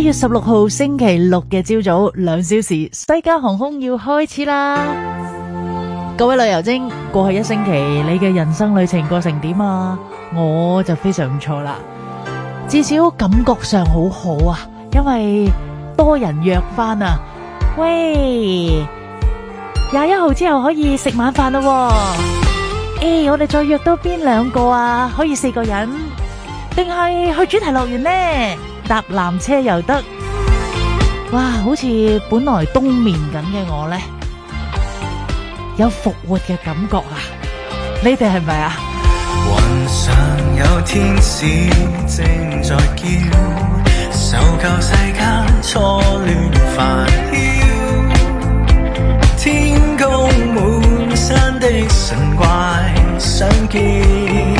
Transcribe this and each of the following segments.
四月十六號星期六嘅朝早兩小時，西加航空要開始啦！各位旅遊精，過去一星期你嘅人生旅程過程點啊？我就非常唔錯啦，至少感覺上好好啊，因為多人約翻啊！喂，廿一號之後可以食晚飯啦！誒、欸，我哋再約多邊兩個啊？可以四個人定係去主題樂園呢？搭纜車又得哇，好似本來冬眠緊嘅我呢，有復活嘅感覺啊，你哋係咪啊？雲上有天使正在叫，受夠世間錯亂煩囂，天空滿山的神怪相見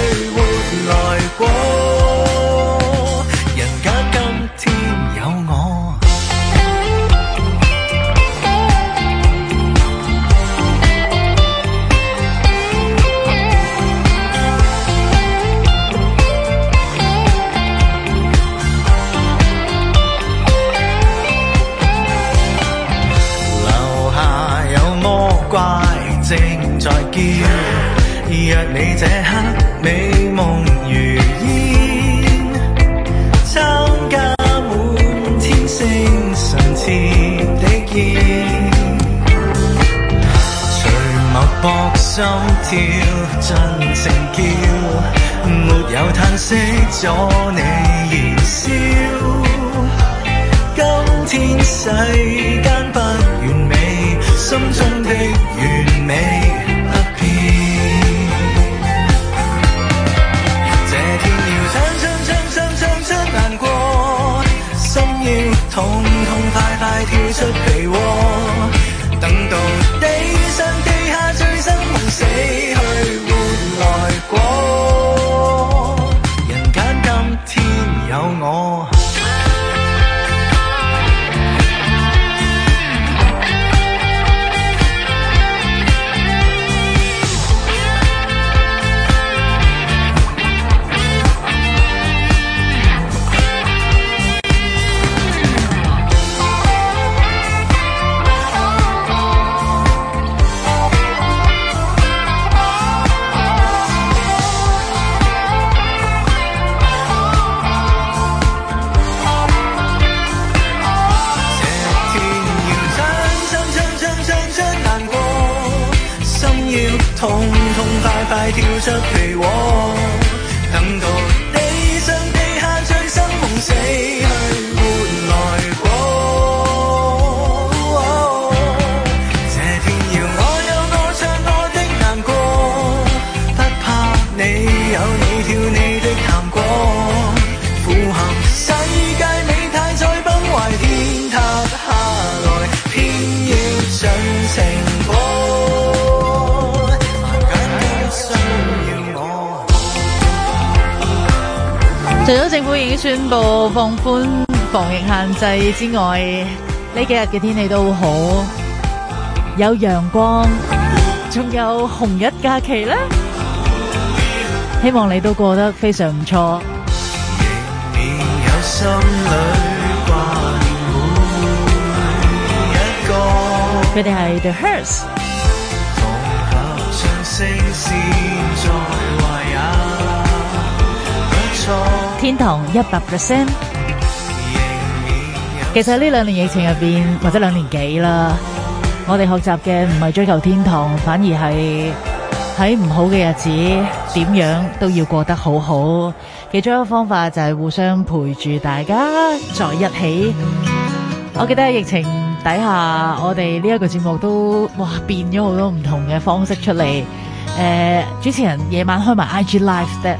除咗政府已經宣布放寬防疫限制之外，呢幾日嘅天氣都好，有陽光，仲有紅日假期啦，希望你都過得非常唔錯。會唔會有一堆 hurts？天堂一百 percent，其實呢兩年疫情入邊或者兩年幾啦，我哋學習嘅唔係追求天堂，反而係喺唔好嘅日子點樣都要過得好好。其中一個方法就係互相陪住大家在一起。我記得喺疫情底下，我哋呢一個節目都哇變咗好多唔同嘅方式出嚟。誒、呃，主持人夜晚開埋 IG Live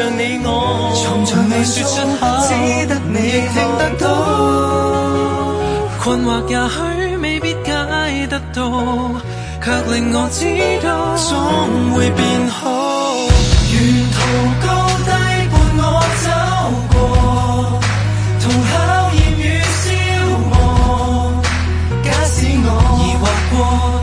讓你我從未說出口，只得你聽得到。困惑也許未必解得到，卻令我知道總會變好。沿途高低伴我走過，同考驗與消磨。假使我疑惑過。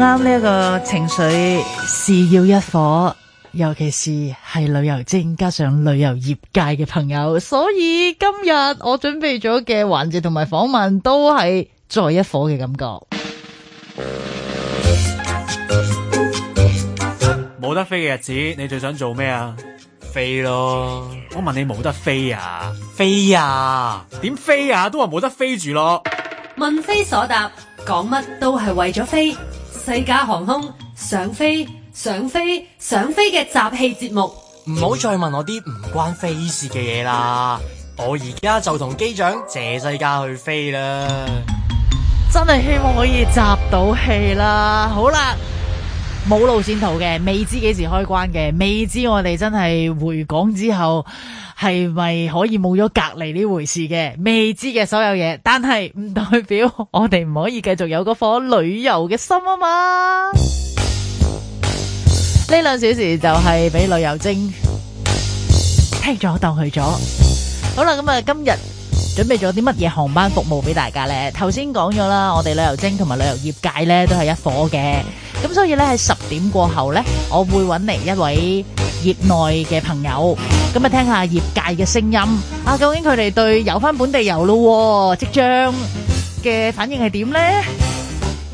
啱，呢一個情緒是要一伙，尤其是係旅遊精，加上旅遊業界嘅朋友，所以今日我準備咗嘅環節同埋訪問都係再一伙嘅感覺。冇得飛嘅日子，你最想做咩啊？飛咯！我問你冇得飛啊？飛啊？點飛啊？都話冇得飛住、啊、咯。問非所答，講乜都係為咗飛。西加航空想飛想飛想飛嘅集氣節目，唔好再問我啲唔關飛事嘅嘢啦！我而家就同機長謝世家去飛啦，真係希望可以集到氣啦！好啦。冇路線圖嘅，未知幾時開關嘅，未知我哋真係回港之後係咪可以冇咗隔離呢回事嘅？未知嘅所有嘢，但係唔代表我哋唔可以繼續有嗰顆旅遊嘅心啊嘛！呢兩 小時就係俾旅遊精聽咗當去咗。好啦，咁啊，今日準備咗啲乜嘢航班服務俾大家呢？頭先講咗啦，我哋旅遊精同埋旅遊業界呢，都係一夥嘅。咁所以咧喺十點過後咧，我會揾嚟一位業內嘅朋友，咁啊，聽下業界嘅聲音啊，究竟佢哋對遊翻本地遊咯即將嘅反應係點咧？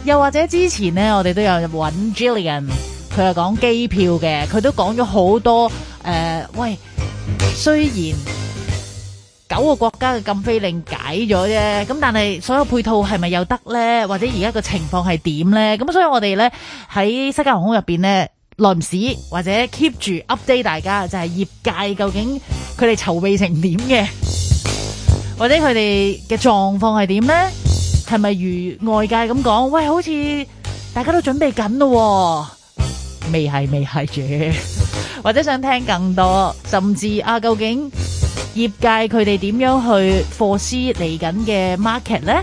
又或者之前咧，我哋都有揾 Jillian，佢係講機票嘅，佢都講咗好多誒，喂，雖然。九個國家嘅禁飛令解咗啫，咁但係所有配套係咪又得呢？或者而家個情況係點呢？咁所以我哋呢，喺西加航空入邊咧，臨時或者 keep 住 update 大家，就係、是、業界究竟佢哋籌備成點嘅，或者佢哋嘅狀況係點呢？係咪如外界咁講？喂，好似大家都準備緊咯、啊，未係未係住？ 或者想聽更多，甚至啊，究竟？業界佢哋點樣去 foresee 嚟緊嘅 market 咧？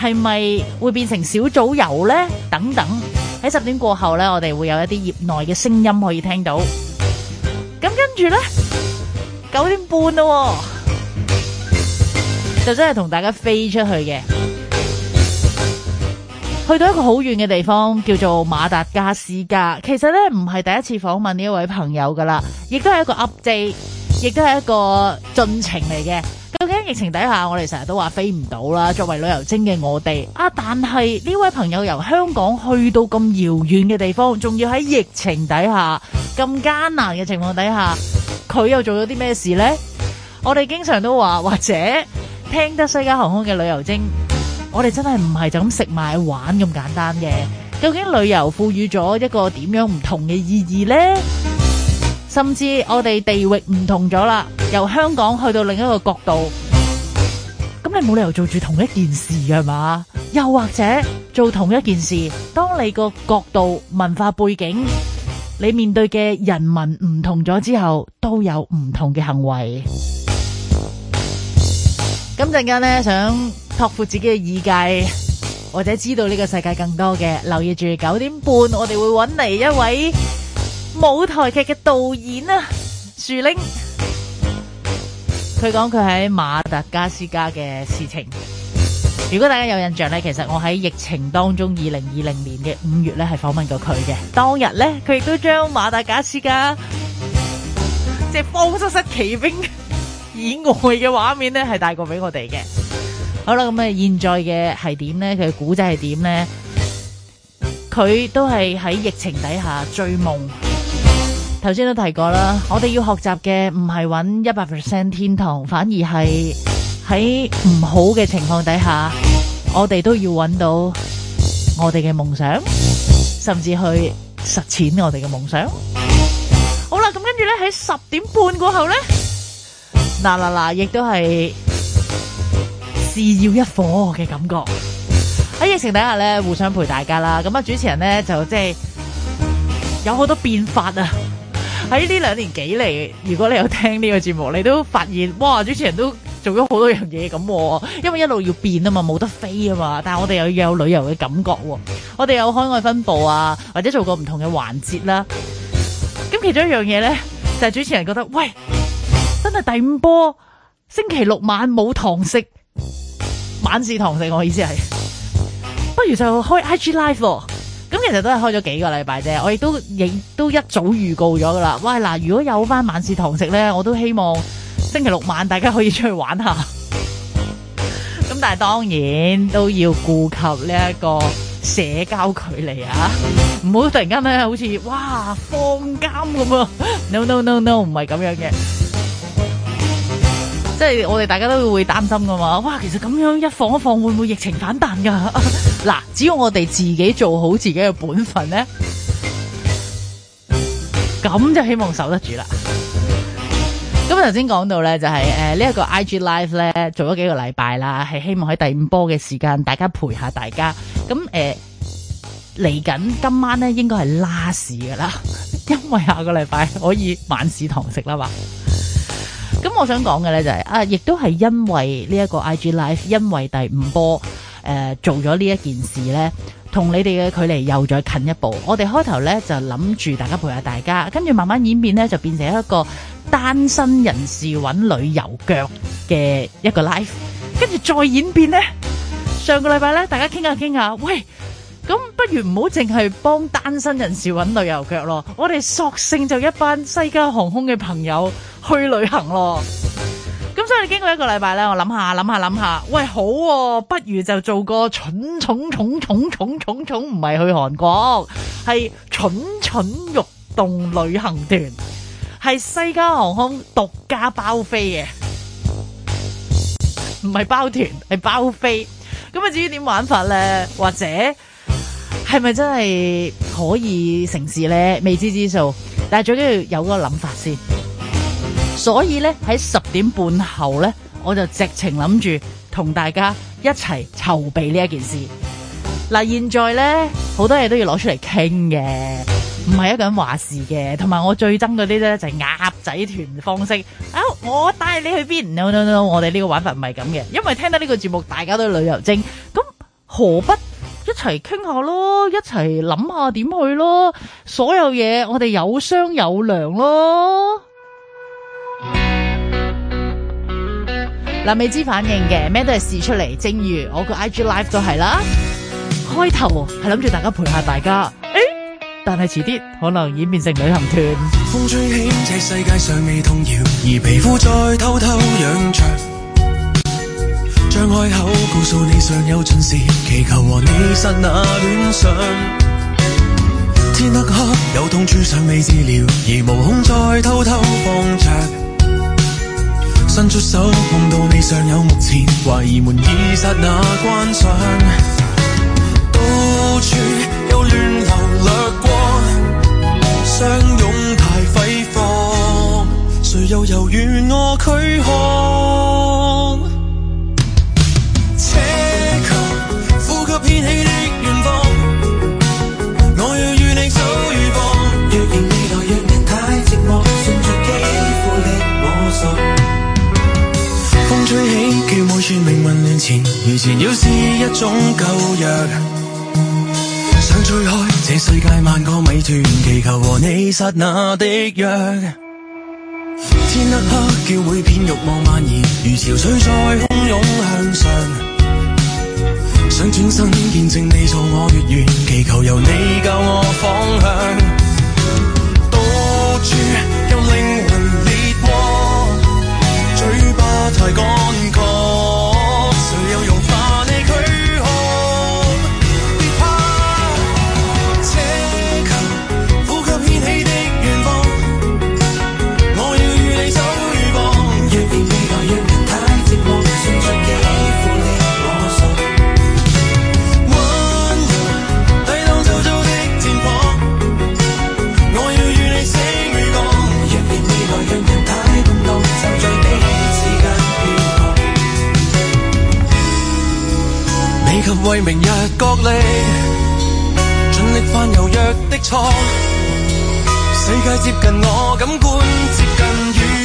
係咪會變成小組遊咧？等等喺十點過後咧，我哋會有一啲業內嘅聲音可以聽到。咁跟住咧，九點半啦，就真係同大家飛出去嘅，去到一個好遠嘅地方，叫做馬達加斯加。其實咧，唔係第一次訪問呢一位朋友噶啦，亦都係一個 update。亦都係一個進程嚟嘅。究竟疫情底下，我哋成日都話飛唔到啦。作為旅遊精嘅我哋啊，但係呢位朋友由香港去到咁遙遠嘅地方，仲要喺疫情底下咁艱難嘅情況底下，佢又做咗啲咩事呢？我哋經常都話，或者聽得西加航空嘅旅遊精，我哋真係唔係就咁食買玩咁簡單嘅。究竟旅遊賦予咗一個點樣唔同嘅意義呢？甚至我哋地域唔同咗啦，由香港去到另一個角度，咁你冇理由做住同一件事嘅，係嘛？又或者做同一件事，當你個角度、文化背景、你面對嘅人民唔同咗之後，都有唔同嘅行為。咁陣間咧，想拓闊自己嘅眼界，或者知道呢個世界更多嘅，留意住九點半，我哋會搵嚟一位，舞台劇嘅導演啊，樹嶺，佢講佢喺馬達加斯加嘅事情。如果大家有印象咧，其實我喺疫情當中二零二零年嘅五月咧係訪問過佢嘅。當日咧，佢亦都將馬達加斯加即係荒失失奇兵以外嘅畫面咧係帶過俾我哋嘅。好啦，咁啊，現在嘅係點咧？佢嘅古仔係點咧？佢都係喺疫情底下追夢。頭先都提過啦，我哋要學習嘅唔係揾一百 percent 天堂，反而係喺唔好嘅情況底下，我哋都要揾到我哋嘅夢想，甚至去實踐我哋嘅夢想。好啦，咁跟住咧喺十點半過後咧，嗱嗱嗱，亦都係是要一火嘅感覺喺疫情底下咧，互相陪大家啦。咁啊，主持人咧就即係有好多變法啊！喺呢兩年幾嚟，如果你有聽呢個節目，你都發現哇，主持人都做咗好多樣嘢，咁，因為一路要變啊嘛，冇得飛啊嘛，但係我哋又有旅遊嘅感覺，我哋有海外分佈啊，或者做過唔同嘅環節啦。咁其中一樣嘢咧，就係、是、主持人覺得，喂，真係第五波星期六晚冇堂食，晚市堂食，我意思係，不如就開 IG Live，哦。咁其實都係開咗幾個禮拜啫，我亦都亦都一早預告咗噶啦。喂，嗱，如果有翻晚市堂食咧，我都希望星期六晚大家可以出去玩下。咁但係當然都要顧及呢一個社交距離啊，唔好突然間咧好似哇放監咁啊！No no no no，唔係咁樣嘅。即係我哋大家都會擔心噶嘛，哇！其實咁樣一放一放，會唔會疫情反彈噶、啊？嗱， 只要我哋自己做好自己嘅本分咧，咁就希望守得住啦。咁頭先講到咧，就係誒呢一個 I G Live 咧做咗幾個禮拜啦，係希望喺第五波嘅時間，大家陪下大家。咁誒嚟緊今晚咧，應該係拉屎噶啦，因為下個禮拜可以晚市堂食啦嘛。咁我想講嘅呢就係、是、啊，亦都係因為呢一個 IG Live，因為第五波誒、呃、做咗呢一件事呢，同你哋嘅距離又再近一步。我哋開頭呢就諗住大家陪下大家，跟住慢慢演變呢，就變成一個單身人士搵旅遊腳嘅一個 Life，跟住再演變呢，上個禮拜呢，大家傾下傾下，喂。咁不如唔好淨係幫單身人士揾旅遊腳咯，我哋索性就一班西加航空嘅朋友去旅行咯。咁所以經過一個禮拜呢，我諗下諗下諗下，喂，好，不如就做個蠢蠢蠢蠢蠢蠢蠢唔係去韓國，係蠢蠢欲動旅行團，係西加航空獨家包飛嘅，唔係包團，係包飛。咁啊，至於點玩法呢？或者？係咪真係可以成事咧？未知之數，但係最緊要有個諗法先。所以咧喺十點半後咧，我就直情諗住同大家一齊籌備呢一件事。嗱，現在咧好多嘢都要攞出嚟傾嘅，唔係一個人話事嘅。同埋我最憎嗰啲咧就係鴨仔團方式。啊，我帶你去邊？No, no, no, 我我哋呢個玩法唔係咁嘅，因為聽到呢個節目，大家都旅遊精，咁何不？一齊傾下咯，一齊諗下點去咯，所有嘢，我哋有商有量咯。嗱， 未知反應嘅咩都係試出嚟，正如我個 IG Live 都係啦。開頭係諗住大家陪下大家，誒、欸，但係遲啲可能演變成旅行團。風張開口，告訴你尚有盡時，祈求和你剎那戀上。天黑黑，有痛處尚未治療，而毛孔，再偷偷放着，伸出手碰到你尚有目前，懷疑門已剎那關上。到處有亂流掠過，相擁太費力，誰又由怨我驅寒？一起的遠方，我要與你守與防。若然未來讓人太寂寞，順著肌膚的摸索。風吹起，叫每串命運亂纏，如纏繞是一種舊約。想推開這世界萬個謎團，祈求和你剎那的約。天黑黑，叫會片慾望蔓延，如潮水在洶湧向上。想轉身見證你錯我越遠，祈求由你教我方向，到處有靈魂裂過，嘴巴太乾渴。為明日角力，盡力犯柔弱的錯。世界接近我感官，接近。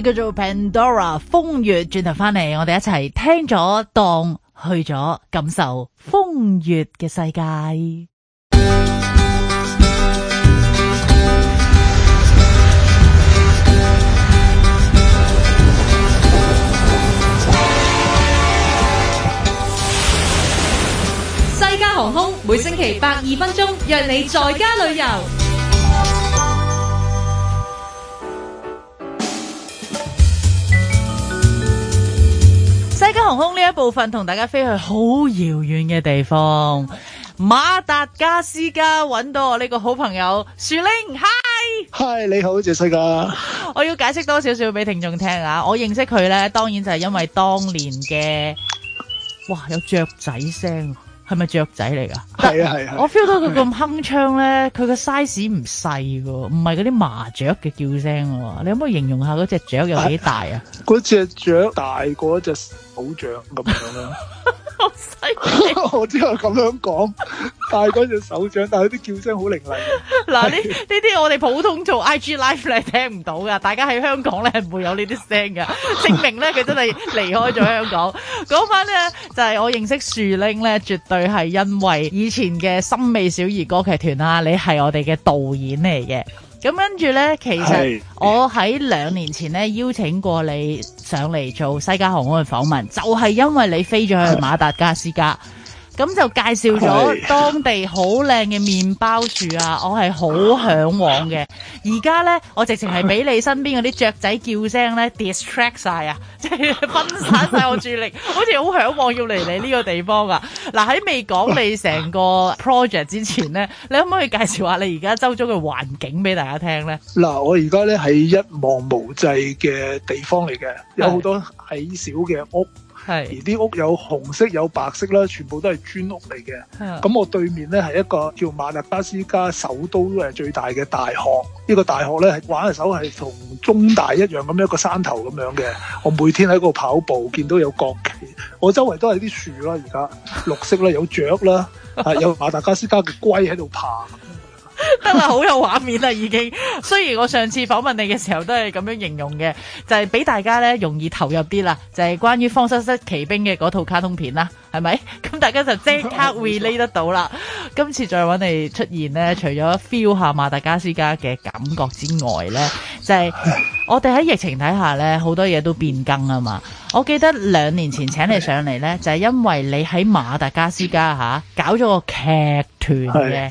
叫做 Pandora 風月，轉頭翻嚟，我哋一齊聽咗當去咗感受風月嘅世界。西加航空每星期百二分鐘，約你在家旅遊。航空呢一部分同大家飛去好遙遠嘅地方，馬達加斯加揾到我呢個好朋友樹玲，hi hi 你好，謝西加！我要解釋多少少俾聽眾聽啊！我認識佢呢，當然就係因為當年嘅，哇有雀仔聲。係咪雀仔嚟噶？係啊係啊，我 feel 到佢咁鏗鏘咧，佢個 size 唔細噶，唔係嗰啲麻雀嘅叫聲。你可唔可以形容下嗰隻雀有幾大啊？嗰隻雀大過一隻寶象咁樣啦。 我知我咁樣講，大嗰隻手掌，但係啲叫聲好伶俐。嗱，呢呢啲我哋普通做 I G Live 咧聽唔到噶，大家喺香港咧係唔會有呢啲聲噶，證明咧佢真係離開咗香港。講翻咧就係、是、我認識樹玲咧，絕對係因為以前嘅森美小儀歌劇團啊。你係我哋嘅導演嚟嘅。咁跟住呢，其實我喺兩年前呢邀請過你上嚟做西加航空嘅訪問，就係因為你飛咗去馬達加斯加。 咁就介紹咗當地好靚嘅麵包樹啊，我係好嚮往嘅。而家呢，我直情係俾你身邊嗰啲雀仔叫聲呢 ，distract 晒啊，即係分散晒我注意力， 好似好嚮往要嚟你呢個地方啊！嗱、啊，喺未講你成個 project 之前呢，你可唔可以介紹下你而家周遭嘅環境俾大家聽呢？嗱，我而家呢，係一望無際嘅地方嚟嘅，有好多矮小嘅屋。係，而啲屋有紅色有白色啦，全部都係磚屋嚟嘅。咁我對面呢，係一個叫馬達加斯加首都誒最大嘅大學。呢、這個大學咧玩嘅手係同中大一樣咁一個山頭咁樣嘅。我每天喺度跑步，見到有國旗。我周圍都係啲樹啦，而家綠色啦，有雀啦，有， 有馬達加斯加嘅龜喺度爬。得啦，好有畫面啦，已經。 雖然我上次訪問你嘅時候都係咁樣形容嘅，就係俾大家咧容易投入啲啦。就係關於《荒失失奇兵》嘅嗰套卡通片啦，係咪？咁大家就即刻 recall 得到啦。 今次再揾你出現呢，除咗 feel 下馬達加斯加嘅感覺之外呢，就係我哋喺疫情底下呢，好多嘢都變更啊嘛。我記得兩年前請你上嚟呢，就係因為你喺馬達加斯加吓搞咗個劇團嘅。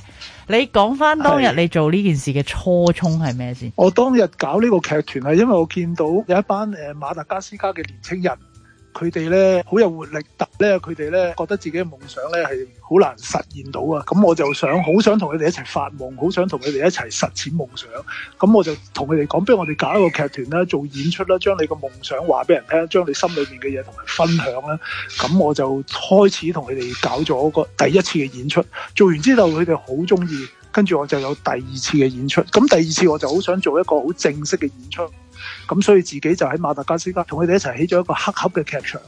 你講返當日你做呢件事嘅初衷係咩先？我當日搞呢個劇團係因為我見到有一班、呃、馬達加斯加嘅年輕人。佢哋咧好有活力，但咧佢哋咧覺得自己嘅夢想咧係好難實現到啊！咁我就想好想同佢哋一齊發夢，好想同佢哋一齊實踐夢想。咁我就同佢哋講，不如我哋搞一個劇團啦，做演出啦，將你個夢想話俾人聽，將你心裏面嘅嘢同人分享啦。咁我就開始同佢哋搞咗個第一次嘅演出。做完之後，佢哋好中意，跟住我就有第二次嘅演出。咁第二次我就好想做一個好正式嘅演出。咁所以自己就喺馬達加斯加同佢哋一齊起咗一個黑盒嘅劇場。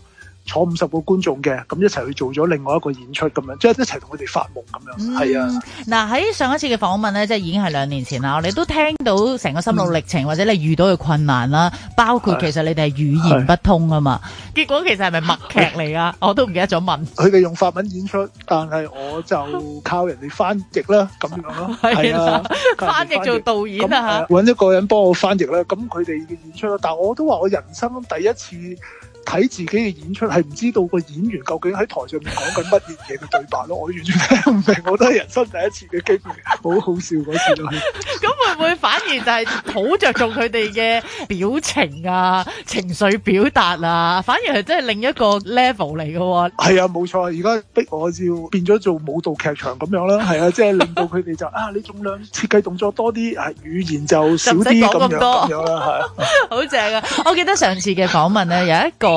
坐五十個觀眾嘅，咁一齊去做咗另外一個演出咁樣，即、就、係、是、一齊同佢哋發夢咁樣。係、嗯、啊，嗱、啊、喺上一次嘅訪問咧，即係已經係兩年前啦。我哋、嗯、都聽到成個心路歷程，嗯、或者你遇到嘅困難啦，包括其實你哋係語言不通啊嘛。結果其實係咪默劇嚟啊？我都唔記得咗問。佢哋用法文演出，但係我就靠人哋翻譯啦，咁樣咯。係 啊翻，翻譯做導演啊，搵、嗯嗯、一個人幫我翻譯啦。咁佢哋嘅演出咯，但我都話我人生第一次。睇自己嘅演出，係唔知道個演員究竟喺台上面講緊乜嘢嘅對白咯，我完全聽唔明，我都係人生第一次嘅機會好好笑嗰次。咁 會唔會反而就係好着重佢哋嘅表情啊、 情緒表達啊？反而係真係另一個 level 嚟嘅喎。係啊，冇錯、啊，而家逼我照變咗做舞蹈劇場咁樣啦。係啊，即、就、係、是、令到佢哋就 啊，你儘量設計動作多啲，啊語言就少啲咁咁多。咁樣係啊， 好正啊！我記得上次嘅訪問咧，有一個。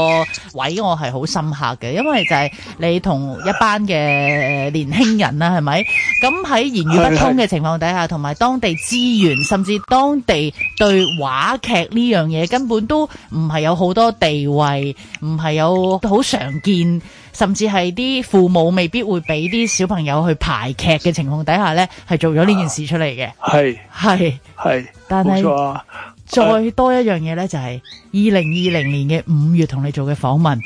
個位我係好深刻嘅，因為就係你同一班嘅年輕人啦，係咪？咁喺言語不通嘅情況底下，同埋當地資源，甚至當地對話劇呢樣嘢根本都唔係有好多地位，唔係有好常見，甚至係啲父母未必會俾啲小朋友去排劇嘅情況底下呢，係做咗呢件事出嚟嘅。係，係，係，但係。再多一樣嘢呢，就係二零二零年嘅五月同你做嘅訪問，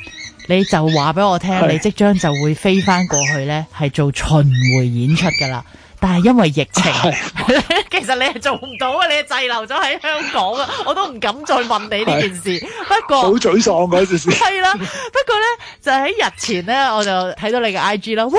你就話俾我聽，你即將就會飛翻過去呢，係做巡迴演出㗎啦。但係因為疫情，是其實你係做唔到啊，你滯留咗喺香港啊，我都唔敢再問你呢件事。不過好沮喪噶係啦，不過咧，就喺、是、日前咧，我就睇到你嘅 IG 啦，哇，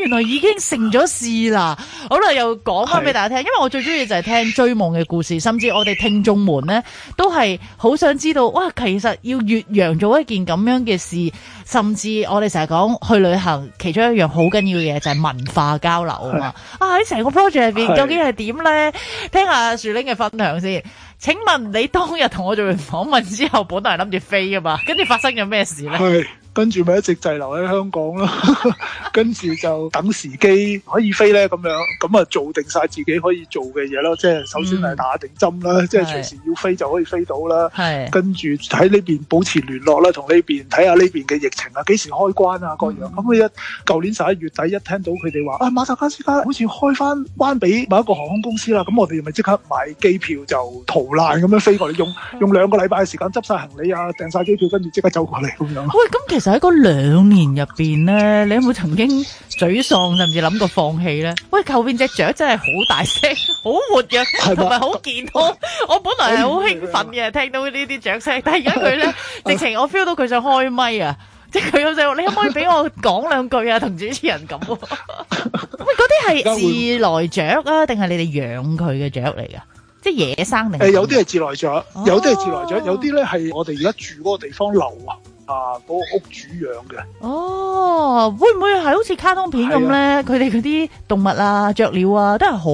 原來已經成咗事啦，好啦，又講翻俾大家聽，因為我最中意就係聽追夢嘅故事，甚至我哋聽眾們咧，都係好想知道，哇，其實要越洋做一件咁樣嘅事。甚至我哋成日講去旅行，其中一樣好緊要嘅嘢就係文化交流啊嘛！啊喺成個 project 入邊究竟係點咧？聽下樹玲嘅分享先。請問你當日同我做完訪問之後，本來諗住飛噶嘛？跟住發生咗咩事咧？跟住咪一直滯留喺香港咯 跟住就等時機可以飛呢，咁樣，咁啊做定晒自己可以做嘅嘢咯，即係首先係打定針啦，嗯、即係隨時要飛就可以飛到啦。嗯、跟住喺呢邊保持聯絡啦，同呢邊睇下呢邊嘅疫情啊，幾時開關啊各樣。咁、嗯、佢一舊年十一月底一聽到佢哋話啊馬達加斯加，好似開翻關俾某一個航空公司啦，咁我哋咪即刻買機票就逃難咁樣飛過嚟，用、嗯、用兩個禮拜嘅時間執晒行李啊，訂晒機票，跟住即刻走過嚟咁樣喂，咁其實。就喺嗰兩年入邊咧，你有冇曾經沮喪甚至諗過放棄咧？喂，後邊隻雀真係好大聲，好活躍，同埋好健康。 我本來係好興奮嘅，聽到呢啲雀聲，但係而家佢咧， 直情我 feel 到佢想開咪啊！ 即係佢就話，你可唔可以俾我講兩句啊？同主持人咁。喂，嗰啲係自來雀啊，定係你哋養佢嘅雀嚟噶？即係野生嚟、呃。有啲係自來雀，有啲係自來雀、哦，有啲咧係我哋而家住嗰個地方留啊。啊！個、那個、屋主養嘅哦，會唔會係好似卡通片咁咧？佢哋嗰啲動物啊、雀鳥啊，都係好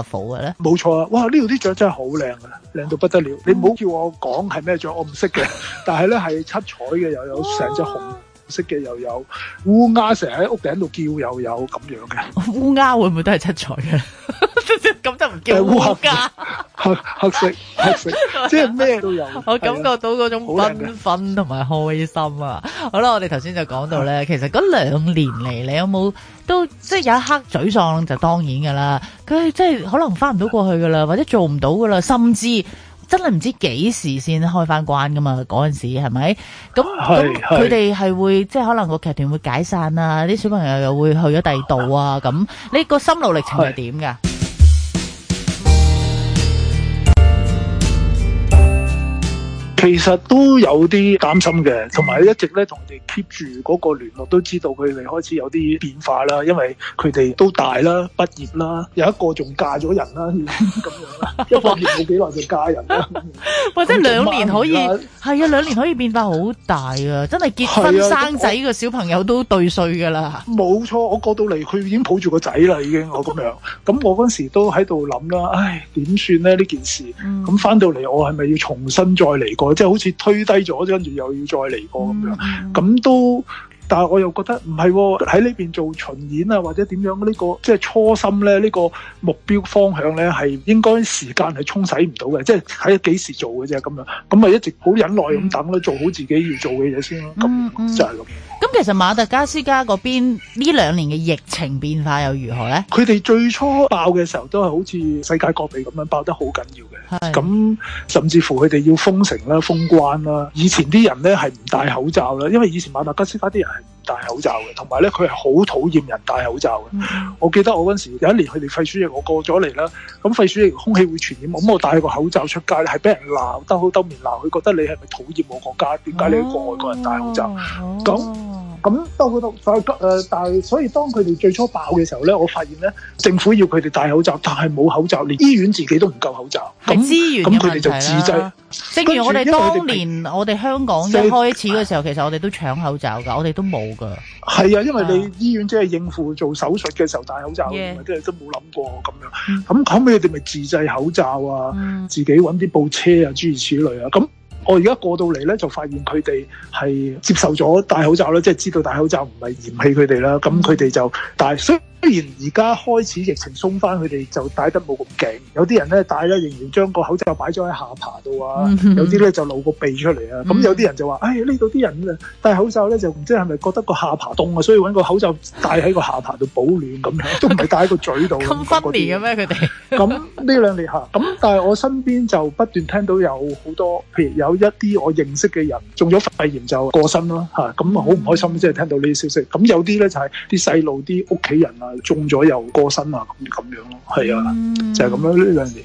colourful 嘅咧。冇錯啊！哇，呢度啲雀真係好靚啊，靚到不得了！哦、你唔好叫我講係咩雀，我唔識嘅。但係咧係七彩嘅，又有成隻紅色嘅，又有烏鴉成日喺屋頂度叫，又有咁樣嘅烏鴉，會唔會都係七彩嘅？咁 就唔叫烏鴉，黑黑色黑色，黑色 即係咩都有。我感覺到嗰種繽紛同埋開心啊！好啦，我哋頭先就講到咧，其實嗰兩年嚟，你有冇都即係有一刻沮喪，就當然㗎啦。佢即係可能翻唔到過去㗎啦，或者做唔到㗎啦，甚至。真係唔知幾時先開翻關㗎嘛？嗰陣時係咪？咁咁佢哋係會即係可能個劇團會解散啊，啲小朋友又會去咗第二度啊。咁你個心路歷程係點㗎？是是其實都有啲擔心嘅，同埋一直咧同佢哋 keep 住嗰個聯絡，都知道佢哋開始有啲變化啦。因為佢哋都大啦，畢業啦，有一個仲嫁咗人啦，咁樣啦， 一年冇幾耐就嫁人啦，或者兩年媽媽可以係啊，兩 年可以變化好大啊！真係結婚生仔個小朋友都對歲㗎啦，冇錯，我過到嚟佢已經抱住個仔啦，已經我咁樣，咁 我嗰時都喺度諗啦，唉，點算咧呢件事？咁、嗯、翻到嚟我係咪要重新再嚟過？即係好似推低咗，跟住又要再嚟過咁、嗯、樣，咁都。但係我又覺得唔係喎，喺呢邊做巡演啊，或者點樣呢、這個即係初心咧？呢、這個目標方向咧，係應該時間係沖洗唔到嘅，即係喺幾時做嘅啫咁樣。咁咪一直好忍耐咁等啦、嗯，做好自己要做嘅嘢先咯。咁、嗯嗯、就係、是、咁。咁、嗯嗯、其實馬達加斯加嗰邊呢兩年嘅疫情變化又如何咧？佢哋最初爆嘅時候都係好似世界各地咁樣爆得好緊要嘅。咁、嗯、甚至乎佢哋要封城啦、封關啦、嗯。以前啲人咧係唔戴口罩啦，因為以前馬達加斯加啲人。唔戴口罩嘅，同埋咧佢係好討厭人戴口罩嘅、嗯。我記得我嗰時候有一年佢哋肺鼠疫，我過咗嚟啦，咁肺鼠疫空氣會傳染，咁我戴個口罩出街係俾人鬧得好兜面鬧，佢覺得你係咪討厭我國家？點解你一個外國人戴口罩？咁、哦。咁到到再，但係，所以當佢哋最初爆嘅時候咧，我發現咧，政府要佢哋戴口罩，但係冇口罩，連醫院自己都唔夠口罩，係資源嘅問題啦。咁佢哋就自製。正如我哋當年我哋香港一開始嘅時候，其實我哋都搶口罩㗎，我哋都冇㗎。係啊，因為你醫院即係應付做手術嘅時候戴口罩，即埋啲都冇諗過咁樣。咁後尾佢哋咪自製口罩啊、嗯，自己揾啲布車啊，諸如此類啊。咁我而家過到嚟咧，就發現佢哋係接受咗戴口罩啦，即係知道戴口罩唔係嫌棄佢哋啦，咁佢哋就但雖然而家開始疫情鬆翻，佢哋就戴得冇咁勁。有啲人咧戴咧，仍然將個口罩擺咗喺下巴度啊。Mm -hmm. 有啲咧就露個鼻出嚟啊。咁、mm -hmm. 有啲人就話，哎，呢度啲人戴口罩咧，就唔知係咪覺得個下巴凍啊，所以搵個口罩戴喺個下巴度保暖咁 樣，都唔係戴喺個嘴度。咁 funny 嘅咩？佢哋咁呢兩年下。咁但係我身邊就不斷聽到有好多，譬如有一啲我認識嘅人中咗肺炎就過身啦嚇，咁好唔開心，即係聽到呢啲消息。咁、mm -hmm. 有啲咧就係啲細路啲屋企人啊。中咗又過身啊，咁咁樣咯，係啊，就係、是、咁樣呢兩點。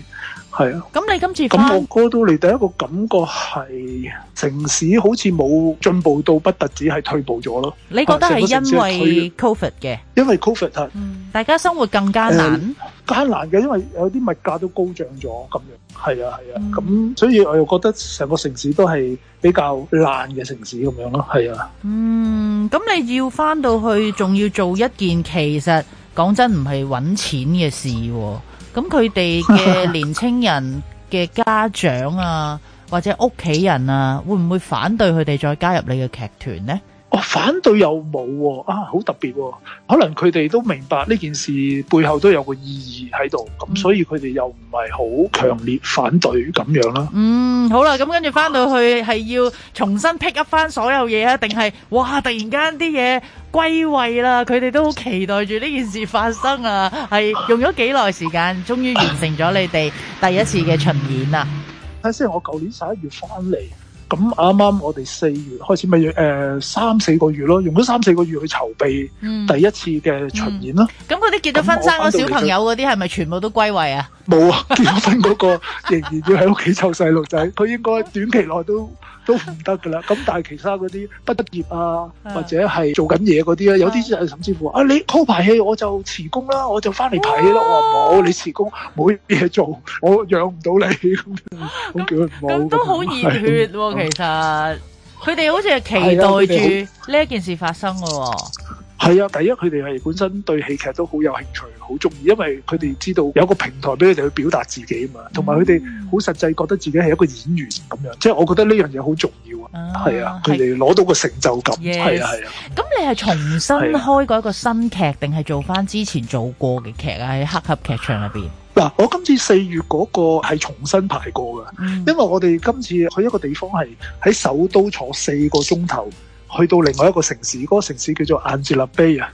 係啊，咁你今次咁我過到嚟，第一個感覺係城市好似冇進步到，不特止係退步咗咯。你覺得係因為 Covid 嘅？因為 Covid 啊、嗯，大家生活更加難，艱、呃、難嘅，因為有啲物價都高漲咗咁樣。係啊係啊，咁、啊嗯、所以我又覺得成個城市都係比較爛嘅城市咁樣咯。係啊，嗯，咁你要翻到去仲要做一件，其實講真唔係搵錢嘅事、哦。咁佢哋嘅年青人嘅家長啊，或者屋企人啊，會唔會反對佢哋再加入你嘅劇團呢？哦、反對又冇喎、哦，啊好特別喎、哦，可能佢哋都明白呢件事背後都有個意義喺度，咁所以佢哋又唔係好強烈反對咁樣啦。嗯，好啦，咁跟住翻到去係要重新 pick up 翻所有嘢啊，定係哇突然間啲嘢歸位啦，佢哋都好期待住呢件事發生啊！係用咗幾耐時間？終於完成咗你哋第一次嘅巡演啦。睇、嗯、先、嗯，我舊年十一月翻嚟。咁啱啱我哋四月開始，咪誒三四個月咯，用咗三四個月去籌備第一次嘅巡演咯。咁嗰啲結咗婚生咗小朋友嗰啲，係咪全部都歸位啊？冇啊！結咗婚嗰個 仍然要喺屋企湊細路仔，佢應該短期內都。 都唔得噶啦，咁但係其他嗰啲畢業啊，或者係做緊嘢嗰啲咧，有啲甚至乎啊，啊，你 call 排戲我就辭工啦，我就翻嚟排戲咯。我，話冇你辭工冇嘢做，我養唔到你咁。咁、 啊啊、我叫佢唔好，都好熱血喎、啊啊，其實佢哋好似係期待住呢一件事發生噶。係啊，第一佢哋係本身對戲劇都好有興趣，好中意，因為佢哋知道有一個平台俾佢哋去表達自己啊嘛，同埋佢哋好實際覺得自己係一個演員咁、嗯、樣，即係我覺得呢樣嘢好重要啊，係啊，佢哋攞到個成就感，係啊係啊。咁、啊、你係重新開過一個新劇，定係、啊、做翻之前做過嘅劇啊？喺黑盒劇場入邊嗱，我今次四月嗰個係重新排過噶、嗯，因為我哋今次去一個地方係喺首都坐四個鐘頭。去到另外一個城市，嗰、那個城市叫做安哲勒碑啊。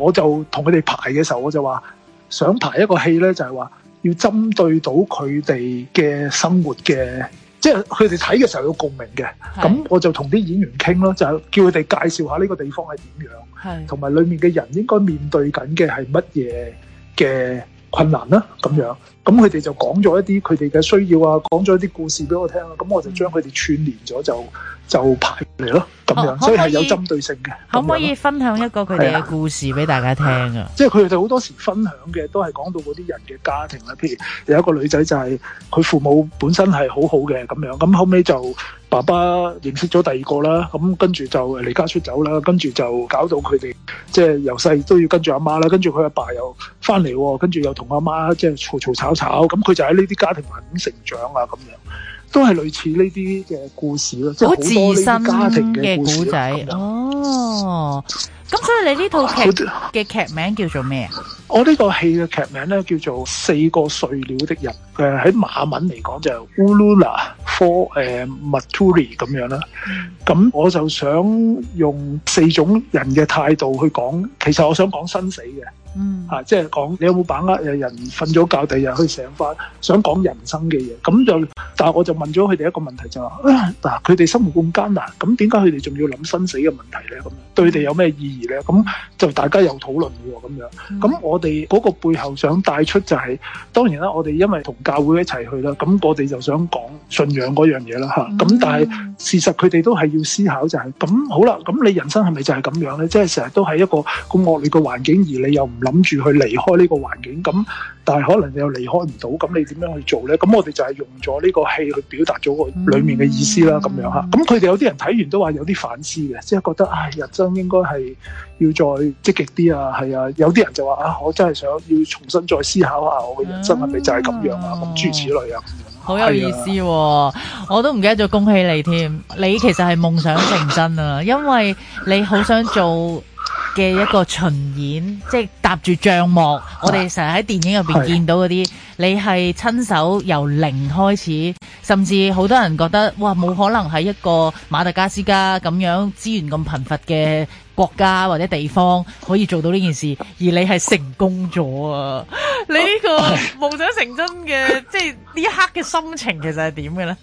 我就同佢哋排嘅時候，我就話想排一個戲咧，就係、是、話要針對到佢哋嘅生活嘅，即係佢哋睇嘅時候有共鳴嘅。咁我就同啲演員傾咯，就係叫佢哋介紹下呢個地方係點樣，同埋裏面嘅人應該面對緊嘅係乜嘢嘅困難啦。咁、嗯、樣咁佢哋就講咗一啲佢哋嘅需要啊，講咗一啲故事俾我聽啊。咁我就將佢哋串聯咗就。就排嚟咯，咁樣，所以係，哦，就是，有針對性嘅。可唔可以分享一個佢哋嘅故事俾大家聽啊？即係佢哋好多時分享嘅都係講到嗰啲人嘅家庭啦，譬如有一個女仔就係、是、佢父母本身係好好嘅咁樣，咁後尾就爸爸認識咗第二個啦，咁跟住就離家出走啦，跟住就搞到佢哋即係由細都要跟住阿媽啦，跟住佢阿爸又翻嚟，跟住又同阿媽即係嘈嘈吵吵，咁佢就喺呢啲家庭環境成長啊，咁樣。都係類似呢啲嘅故事咯，即係好多呢啲家庭嘅故事哦。咁、哦、所以你呢套劇嘅劇名叫做咩啊？我呢個戲嘅劇名咧叫做《四個碎了的人》。誒喺馬文嚟講就 Ulula for 誒、uh, Maturi 咁樣啦。咁我就想用四種人嘅態度去講，其實我想講生死嘅。嗯，嚇，即係講你有冇把握？有人瞓咗覺，第日去醒翻，想講人生嘅嘢。咁就，但係我就問咗佢哋一個問題就話、是：，嗱、啊，佢哋生活咁艱難，咁點解佢哋仲要諗生死嘅問題咧？咁樣對佢哋有咩意義咧？咁就大家有討論喎，咁樣。咁、嗯、我哋嗰個背後想帶出就係、是，當然啦，我哋因為同教會一齊去啦，咁我哋就想講信仰嗰樣嘢啦，嚇、嗯。咁但係事實佢哋都係要思考就係、是，咁好啦，咁你人生係咪就係咁樣咧？即係成日都係一個咁惡劣嘅環境，而你又唔～諗住去離開呢個環境，咁但係可能又離你又離開唔到，咁你點樣去做呢？咁我哋就係用咗呢個戲去表達咗個裏面嘅意思啦，咁、嗯、樣吓。咁佢哋有啲人睇完都話有啲反思嘅，即係覺得唉，人生應該係要再積極啲啊，係啊。有啲人就話啊，我真係想要重新再思考下我嘅人生，咪、嗯、就係咁樣啊，諸、嗯、如此類啊。好有意思、啊啊，我都唔記得咗恭喜你添。你其實係夢想成真啊， 因為你好想做。嘅一個巡演，即係搭住帳幕，我哋成日喺電影入面見到嗰啲，你係親手由零開始，甚至好多人覺得哇，冇可能喺一個馬達加斯加咁樣資源咁貧乏嘅國家或者地方可以做到呢件事，而你係成功咗啊！ 你呢個夢想成真嘅， 即係呢一刻嘅心情其實係點嘅咧？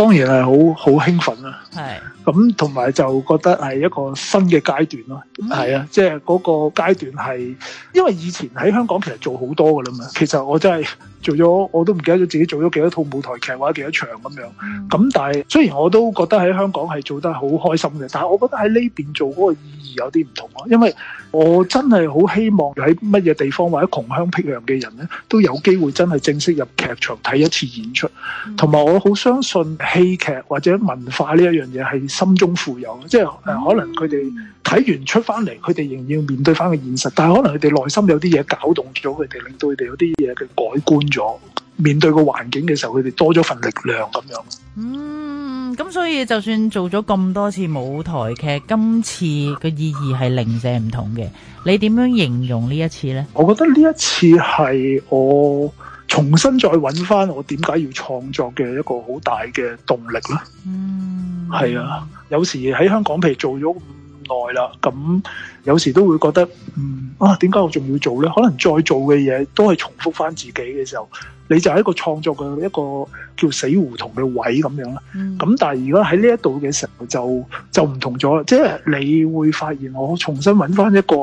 當然係好好興奮啦，啊，咁同埋就覺得係一個新嘅階段咯，係啊，即係嗰個階段係，因為以前喺香港其實做好多噶啦嘛，其實我真係做咗我都唔記得咗自己做咗幾多套舞台劇或者幾多場咁樣，咁、嗯嗯、但係雖然我都覺得喺香港係做得好開心嘅，但係我覺得喺呢邊做嗰個意義有啲唔同咯，啊，因為，我真係好希望喺乜嘢地方或者窮鄉僻壤嘅人咧，都有機會真係正式入劇場睇一次演出。同埋我好相信戲劇或者文化呢一樣嘢係心中富有，即係、就是、可能佢哋睇完出翻嚟，佢哋仍然要面對翻個現實，但係可能佢哋內心有啲嘢搞動咗佢哋，令到佢哋有啲嘢嘅改觀咗。面對個環境嘅時候，佢哋多咗份力量咁樣。嗯。咁所以就算做咗咁多次舞台劇，今次嘅意義係零舍唔同嘅。你點樣形容呢一次咧？我覺得呢一次係我重新再揾翻我點解要創作嘅一個好大嘅動力啦。嗯，係啊。有時喺香港譬如做咗咁耐啦，咁有時都會覺得，嗯啊，點解我仲要做咧？可能再做嘅嘢都係重複翻自己嘅時候。你就係一個創作嘅一個叫死胡同嘅位咁樣啦，咁但係如果喺呢一度嘅時候就就唔同咗啦，即係你會發現我重新搵返一個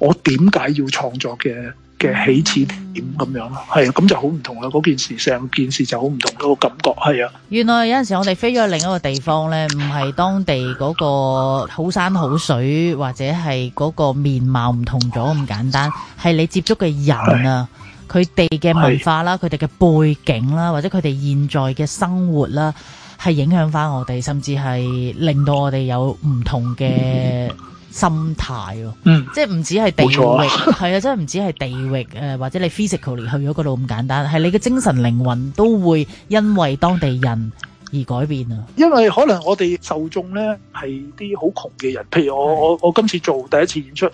我點解要創作嘅嘅起始點咁樣咯，係啊，咁就好唔同啦，嗰件事成件事就好唔同個感覺，係啊。原來有陣時我哋飛咗去另一個地方咧，唔係當地嗰個好山好水或者係嗰個面貌唔同咗咁簡單，係你接觸嘅人啊。佢哋嘅文化啦，佢哋嘅背景啦，或者佢哋現在嘅生活啦，係影響翻我哋，甚至係令到我哋有唔同嘅心態咯。嗯，即係唔止係地域，係啊，即係唔止係地域誒，或者你 physically 去咗嗰度咁簡單，係你嘅精神靈魂都會因為當地人而改變啊。因為可能我哋受眾咧係啲好窮嘅人，譬如我我我今次做第一次演出。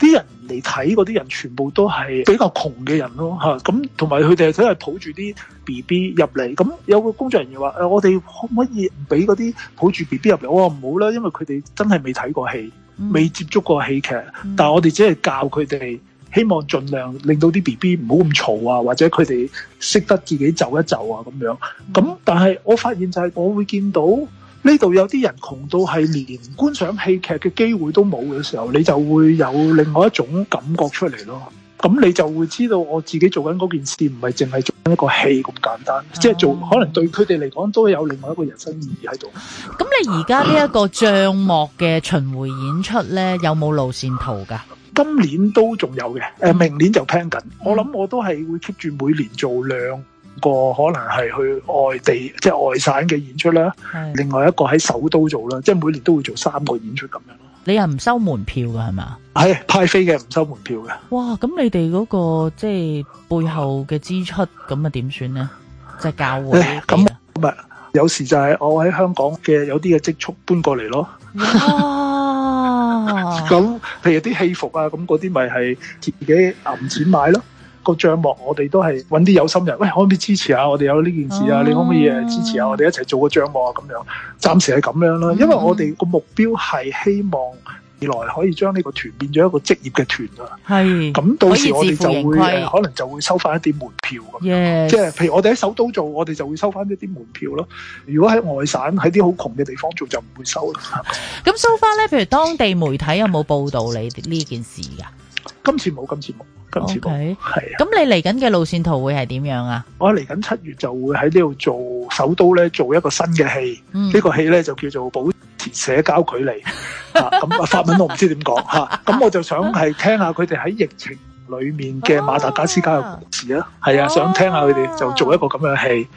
啲人嚟睇嗰啲人全部都係比較窮嘅人咯，吓，咁同埋佢哋真係抱住啲 B B 入嚟。咁有個工作人員話、啊：我哋可唔可以唔俾嗰啲抱住 B B 入嚟？我話唔好啦，因為佢哋真係未睇過戲，未、嗯、接觸過戲劇，嗯、但係我哋只係教佢哋，希望盡量令到啲 B B 唔好咁嘈啊，或者佢哋識得自己走一走啊咁樣。咁但係我發現就係我會見到。呢度有啲人窮到係連觀賞戲劇嘅機會都冇嘅時候，你就會有另外一種感覺出嚟咯。咁你就會知道我自己做緊嗰件事唔係淨係做緊一個戲咁簡單，哦、即係做可能對佢哋嚟講都有另外一個人生意義喺度。咁你而家呢一個帳幕嘅巡迴演出呢，有冇路線圖㗎？今年都仲有嘅、呃，明年就聽緊。我諗我都係會 keep 住每年做量。個可能係去外地，即係外省嘅演出啦。另外一個喺首都做啦，即係每年都會做三個演出咁樣。你又唔收門票噶係嘛？係派飛嘅，唔收門票嘅。哇！咁你哋嗰個即係背後嘅支出，咁啊點算呢？即係教會咁，唔係有時就係我喺香港嘅有啲嘅積蓄搬過嚟咯。哇！咁譬如啲戲服啊，咁嗰啲咪係自己揞錢買咯。賬目，我哋都係搵啲有心人，喂，可唔可以支持下我哋有呢件事啊？你可唔可以誒支持下我哋一齊做個賬目啊？咁樣，暫時係咁樣啦。因為我哋個目標係希望未來可以將呢個團變咗一個職業嘅團啊。係，咁到時候我哋就會可、呃、可能就會收翻一啲門票咁。即、yes. 係譬如我哋喺首都做，我哋就會收翻一啲門票咯。如果喺外省喺啲好窮嘅地方做，就唔會收。咁 so far 咧，譬如當地媒體有冇報道你呢件事噶？今次冇，今次冇，今次冇，係、okay. 啊。咁你嚟緊嘅路線圖會係點樣啊？我嚟緊七月就會喺呢度做首都咧，做一個新嘅戲。嗯這個、戲呢個戲咧就叫做保持社交距離。咁、 啊、法文我唔知點講吓，咁、 啊、我就想係聽下佢哋喺疫情裏面嘅馬達加斯加嘅故事啊，係啊，想聽下佢哋就做一個咁嘅戲。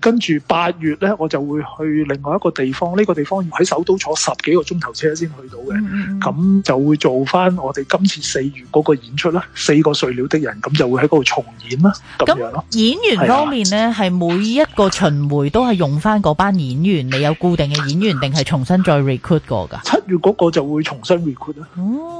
跟住八月咧，我就會去另外一個地方，呢個地方要喺首都坐十幾個鐘頭車先去到嘅。咁就會做翻我哋今次四月嗰個演出啦，四個碎了的人，咁就會喺嗰度重演啦。咁樣咯。演員方面咧，係每一個巡迴都係用翻嗰班演員，你有固定嘅演員定係重新再 recruit 過㗎？七月嗰個就會重新 recruit 啦。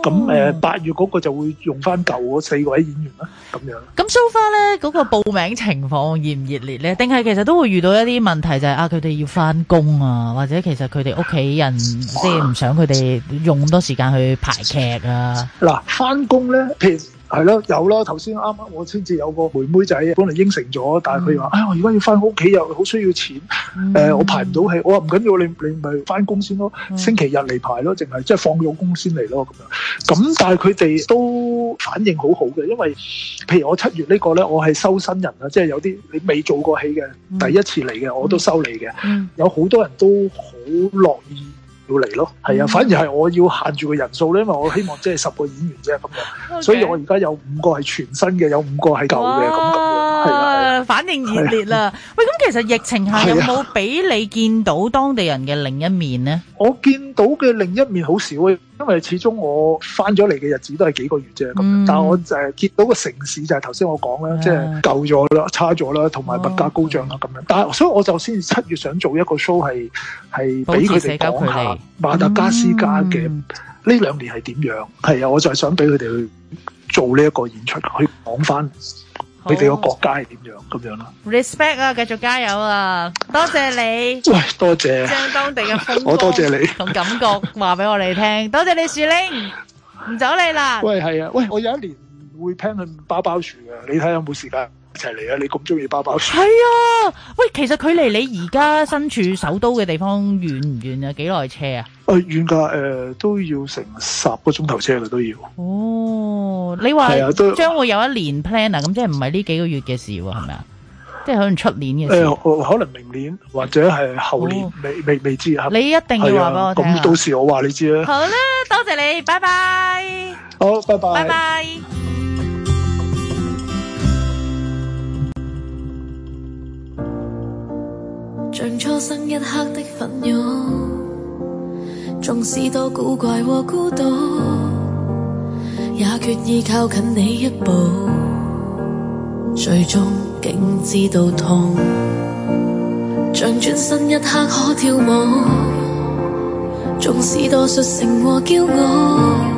咁誒，八月嗰個就會用翻舊嗰四。幾位演員啦、啊，咁樣。咁 so far 咧，嗰、那個報名情況熱唔熱烈咧？定係其實都會遇到一啲問題，就係、是、啊，佢哋要翻工啊，或者其實佢哋屋企人即係唔想佢哋用咁多時間去排劇啊。嗱，翻工咧。譬係咯，有啦。頭先啱啱我先至有個妹妹仔，本嚟應承咗，但係佢話：啊、嗯哎，我而家要翻屋企又好需要錢。誒、嗯呃，我排唔到戲，我話唔緊要，你你咪翻工先咯、嗯，星期日嚟排咯，淨係即係放咗工先嚟咯咁樣。咁但係佢哋都反應好好嘅，因為譬如我七月呢、這個咧，我係收新人啦，即、就、係、是、有啲你未做過戲嘅、嗯，第一次嚟嘅，我都收你嘅、嗯嗯。有好多人都好樂意。要嚟咯，係啊，反而係我要限住個人數咧，因為我希望即係十個演員啫咁樣，okay. 所以我而家有五個係全新嘅，有五個係舊嘅咁樣，係、啊啊、反應熱烈啦、啊。喂，咁其實疫情下有冇俾、啊、你見到當地人嘅另一面咧？我見到嘅另一面好少。因為始終我翻咗嚟嘅日子都係幾個月啫，咁、嗯，但係我誒見到個城市就係頭先我講啦，即係舊咗啦，差咗啦，同埋物價高漲啦，咁、哦、樣。嗯、但係所以我就先七月想做一個 show，係係俾佢哋講下馬達加斯加嘅呢、嗯、兩年係點樣。係啊，我就係想俾佢哋去做呢一個演出，去講翻。你哋個國家係點樣咁樣啦？respect 啊，繼續加油啊！多謝你，喂，多謝將當地嘅風光我多謝你好感覺，話俾我哋聽。 多謝你，樹玲，唔走你啦。喂，係啊，喂，我有一年會 p 聽佢包包樹啊你睇下有冇時間。一齊嚟啊！你咁中意包包？係啊！喂，其實距離你而家身處首都嘅地方遠唔遠啊？幾耐車啊？誒、呃，遠㗎，誒、呃，都要成十個鐘頭車啦，都要。哦，你話將會有一年 plan 啊？咁即係唔係呢幾個月嘅事喎？係咪啊？呃、是即係可能出年嘅事、呃呃。可能明年或者係後年，哦、未未未，未知啊。你一定要話俾、啊、我咁到時我話你，啊、你知啊！好啦，多謝你，拜拜。好，拜拜，拜拜。像初生一刻的奮勇，縱使多古怪和孤獨，也決意靠近你一步。最終竟知道痛，像轉身一刻可跳舞，縱使多率性和驕傲。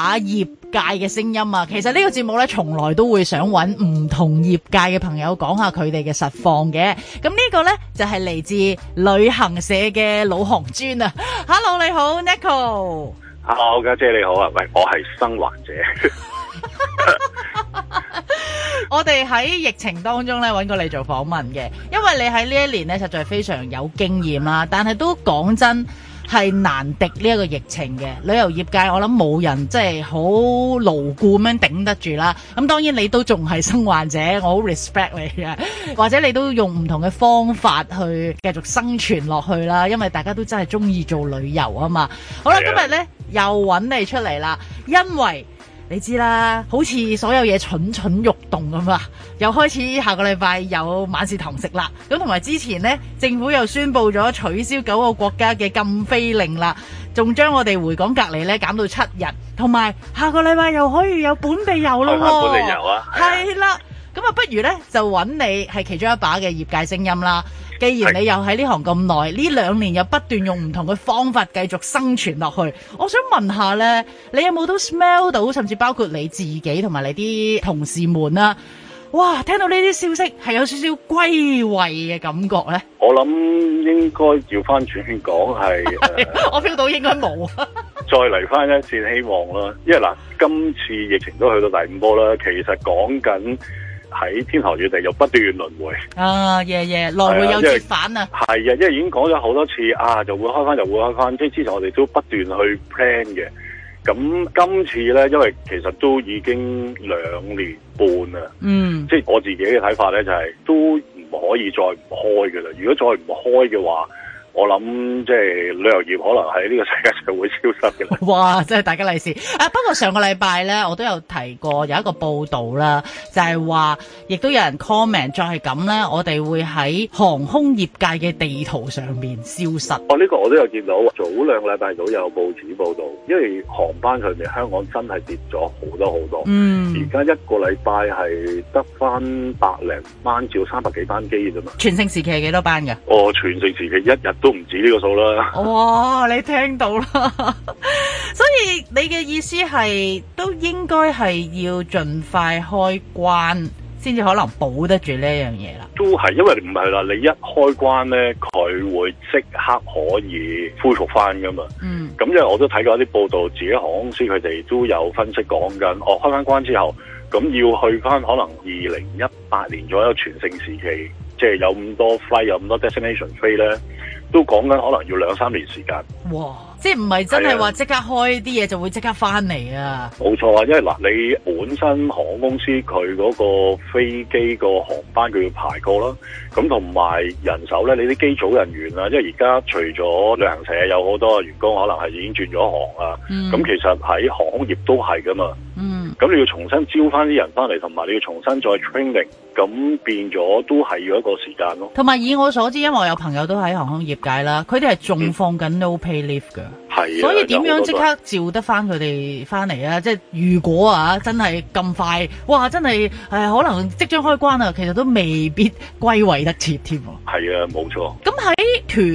打業界嘅聲音啊，其實呢個節目呢，從來都會想揾唔同業界嘅朋友講下佢哋嘅實況嘅。咁呢個呢，就係、是、嚟自旅行社嘅老行專啊。Hello，你好，Nico。Hello，家姐，姐你好啊，喂，我係生還者。 我哋喺疫情當中呢，揾過你做訪問嘅，因為你喺呢一年呢，實在非常有經驗啦。但係都講真。係難敵呢一個疫情嘅旅遊業界，我諗冇人即係好牢固咁樣頂得住啦。咁當然你都仲係生患者，我好 respect 你嘅，或者你都用唔同嘅方法去繼續生存落去啦。因為大家都真係中意做旅遊啊嘛。好啦，yeah. 今日呢又揾你出嚟啦，因為，你知啦，好似所有嘢蠢蠢欲動咁啊！又開始下個禮拜有晚市堂食啦，咁同埋之前呢，政府又宣布咗取消九個國家嘅禁飛令啦，仲將我哋回港隔離呢減到七日，同埋下個禮拜又可以有本地遊咯，本地遊啊，係、啊、啦，咁啊，不如呢，就揾你係其中一把嘅業界聲音啦。既然你又喺呢行咁耐，呢兩年又不斷用唔同嘅方法繼續生存落去，我想問下呢，你有冇都 smell 到，甚至包括你自己同埋你啲同事們啦？哇，聽到呢啲消息係有少少歸位嘅感覺呢？我諗應該要翻轉圈講係，uh, 我 feel 到應該冇。 再嚟翻一線希望啦，因為嗱，今次疫情都去到第五波啦，其實講緊。喺天頭月地又不斷輪回啊，夜夜來回有折返是啊，係啊，因為已經講咗好多次啊，就會開返就會開返，即係之前我哋都不斷去 plan 嘅。咁今次咧，因為其實都已經兩年半啦，嗯，即係我自己嘅睇法咧，就係、是、都唔可以再唔開嘅啦。如果再唔開嘅話，我諗即係旅遊業可能喺呢個世界上會消失嘅。哇！真係大吉利是啊！不過上個禮拜咧，我都有提過有一個報道啦，就係話亦都有人 comment，再係咁咧，我哋會喺航空業界嘅地圖上面消失。哦，呢個我都有見到，早兩禮拜早有報紙報道，因為航班佢哋香港真係跌咗好多好多。嗯，而家一個禮拜係得翻百零班照三百幾班機啫嘛。全盛時期係幾多班噶？哦，全盛時期一日都～都唔止呢個數啦！哇、哦，你聽到啦， 所以你嘅意思係都應該係要盡快開關，先至可能保得住呢樣嘢啦。都係，因為唔係啦，你一開關呢，佢會即刻可以恢復翻噶嘛。嗯，咁因為我都睇過一啲報道，自己航空公司佢哋都有分析講緊，哦，開翻關之後，咁要去翻可能二零一八年左右全盛時期，即係有咁多 fly，有咁多 destination 飛呢。」都講緊，可能要兩三年時間。哇即係唔係真係話即刻開啲嘢，就會即刻翻嚟啊？冇錯啊，因為嗱，你本身航空公司佢嗰個飛機個航班佢要排過啦，咁同埋人手咧，你啲機組人員啊，因為而家除咗旅行社有好多嘅員工可能係已經轉咗行啊，咁、嗯、其實喺航空業都係噶嘛，咁、嗯、你要重新招翻啲人翻嚟，同埋你要重新再 training，咁變咗都係要一個時間咯。同埋以我所知，因為我有朋友都喺航空業界啦，佢哋係仲放緊 no pay leave 嘅。係、啊，所以點樣即刻召得翻佢哋翻嚟啊？即係如果啊，真係咁快，哇！真係誒，可能即將開關啊，其實都未必歸位得切添。係啊，冇錯。咁喺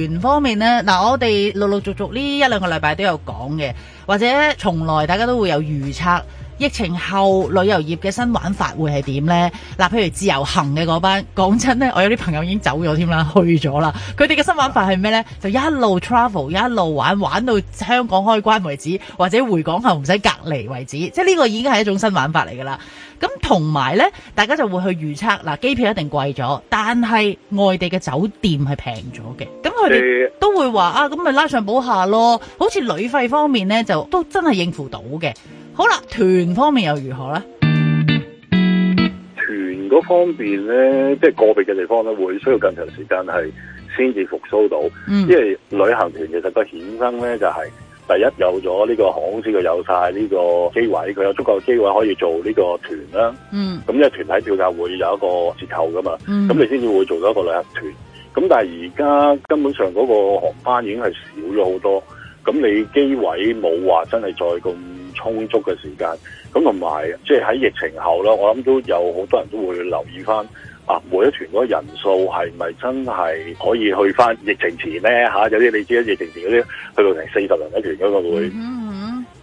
團方面呢，嗱、啊，我哋陸陸續續呢一兩個禮拜都有講嘅，或者從來大家都會有預測。疫情後旅遊業嘅新玩法會係點呢？嗱，譬如自由行嘅嗰班，講真呢，我有啲朋友已經走咗添啦，去咗啦。佢哋嘅新玩法係咩呢？就一路 travel 一路玩，玩到香港開關為止，或者回港後唔使隔離為止。即係呢個已經係一種新玩法嚟㗎喇。咁同埋呢，大家就會去預測嗱，機票一定貴咗，但係外地嘅酒店係平咗嘅，咁佢哋都會話啊，咁咪拉上補下囉。好似旅費方面呢，就都真係應付到嘅。好啦，團方面又如何咧？團嗰方面咧，即係個別嘅地方咧，會需要更長時間係先至復甦到、嗯。因為旅行團其實個衍生咧，就係，就係第一有咗呢個航空公司，佢有晒呢個機位，佢有足夠嘅機位可以做呢個團啦。嗯，咁因為團體票價會有一個折扣噶嘛。咁、嗯、你先至會做咗一個旅行團。咁但係而家根本上嗰個航班已經係少咗好多，咁你機位冇話真係再咁。充足嘅時間，咁同埋即係喺疫情後啦，我諗都有好多人都會留意翻啊，每一團嗰個人數係咪真係可以去翻疫情前咧嚇、啊？有啲你知啦，疫情前嗰啲去到成四十人一團嗰個會。嗯。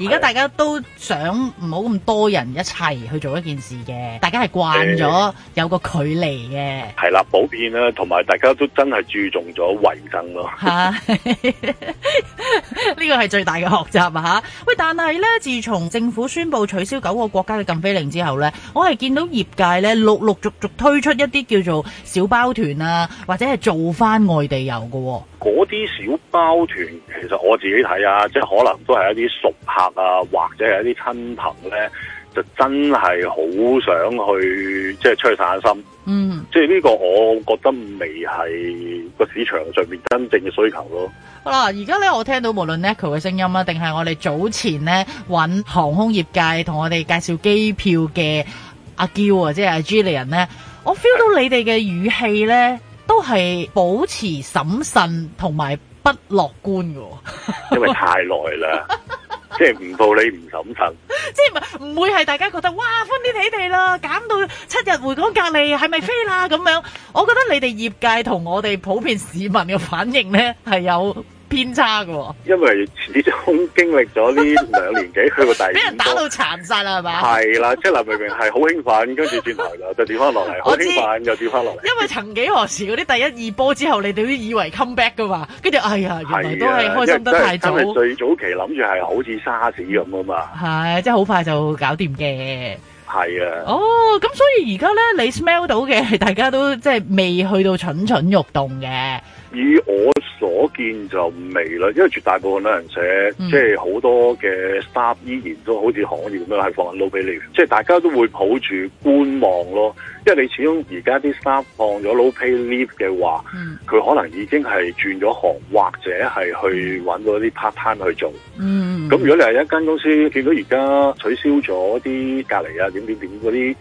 而家大家都想唔好咁多人一齊去做一件事嘅，大家係慣咗有個距離嘅。係啦，普遍啦、啊，同埋大家都真係注重咗衞生咯。吓呢個係最大嘅學習啊！吓喂，但係咧，自從政府宣布取消九個國家嘅禁飛令之後咧，我係見到業界咧陸陸續續推出一啲叫做小包團啊，或者係做翻外地遊嘅、啊。嗰啲小包團其實我自己睇啊，即係可能都係一啲熟客。啊，或者係一啲親朋咧，就真係好想去，即係出去散下心。嗯，即係呢個，我覺得未係個市場上面真正嘅需求咯。好啦，而家咧，我聽到無論 n i c h e 嘅聲音啦，定係我哋早前咧搵航空業界同我哋介紹機票嘅阿嬌啊，即係阿 Julian 咧，我 feel 到你哋嘅語氣咧，都係保持審慎同埋不樂觀嘅。因為太耐啦。 即係唔報你唔審慎，即係唔唔會係大家覺得哇歡天喜地啦減到七日回港隔離係咪飛啦咁樣？我覺得你哋業界同我哋普遍市民嘅反應咧係有。偏差噶、哦，因為始終經歷咗呢兩年幾，佢 個第五波俾 人打到殘晒啦，係嘛？係啦，即係林明明係好興奮，跟住轉頭就轉回來就掉翻落嚟，好興奮又掉翻落嚟。因為曾幾何時嗰啲第一二波之後，你哋都以為 come back 噶嘛，跟住哎呀，原來都係開心得太早。即係最早期諗住係好似沙士咁啊嘛。係，即係好快就搞掂嘅。係啊。哦，咁所以而家咧，你 smell 到嘅，大家都即係未去到蠢蠢欲動嘅。以我。所見就未啦，因為絕大部分旅行社，即係好多嘅 staff 依然都好似行業咁樣係放 low pay leave，即係大家都會抱住觀望咯。因為你始終而家啲 staff 放咗 low pay leave 嘅話，佢、嗯、可能已經係轉咗行，或者係去搵嗰啲 part time 去做。咁、嗯、如果你係一間公司，見到而家取消咗啲隔離啊、點點點嗰啲，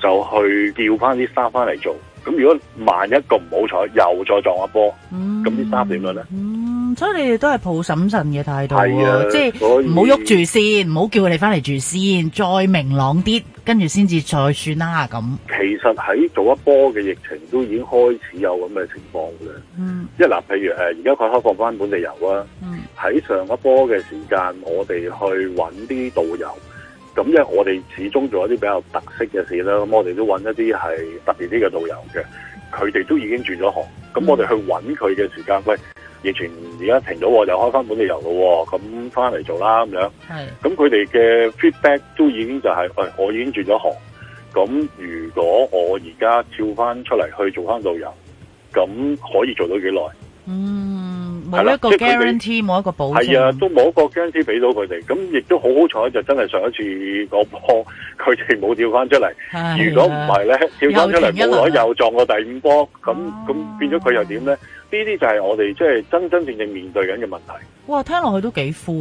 就去調翻啲 staff 翻嚟做。咁如果萬一個唔好彩，又再撞一波，咁啲衫點樣咧？嗯，所以你哋都係抱審慎嘅態度喎，係啊，即係唔好喐住先，唔好叫佢哋翻嚟住先，再明朗啲，跟住先至再算啦。咁其實喺做一波嘅疫情都已經開始有咁嘅情況嘅，嗯，即係嗱，譬如誒，而家佢開放翻本地遊啊，喺、嗯、上一波嘅時間，我哋去揾啲導遊。咁因為我哋始終做一啲比較特色嘅事啦，咁我哋都揾一啲係特別啲嘅導遊嘅，佢哋都已經轉咗行，咁我哋去揾佢嘅時間，嗯、喂，疫情而家停咗，又開翻本地遊咯，咁翻嚟做啦咁樣。係，咁佢哋嘅 feedback 都已經就係、是，喂、哎，我已經轉咗行，咁如果我而家跳翻出嚟去做翻導遊，咁可以做到幾耐？嗯。冇一個 guarantee，冇一個保障。係啊，都冇一個 guarantee 俾到佢哋。咁亦都好好彩，就真係上一次個波，佢哋冇跳翻出嚟。如果唔係咧，跳翻出嚟，冇耐又撞過第五波。咁、啊、咁變咗佢又點咧？呢啲就係我哋即係真真正正面對緊嘅問題。哇，聽落去都幾灰。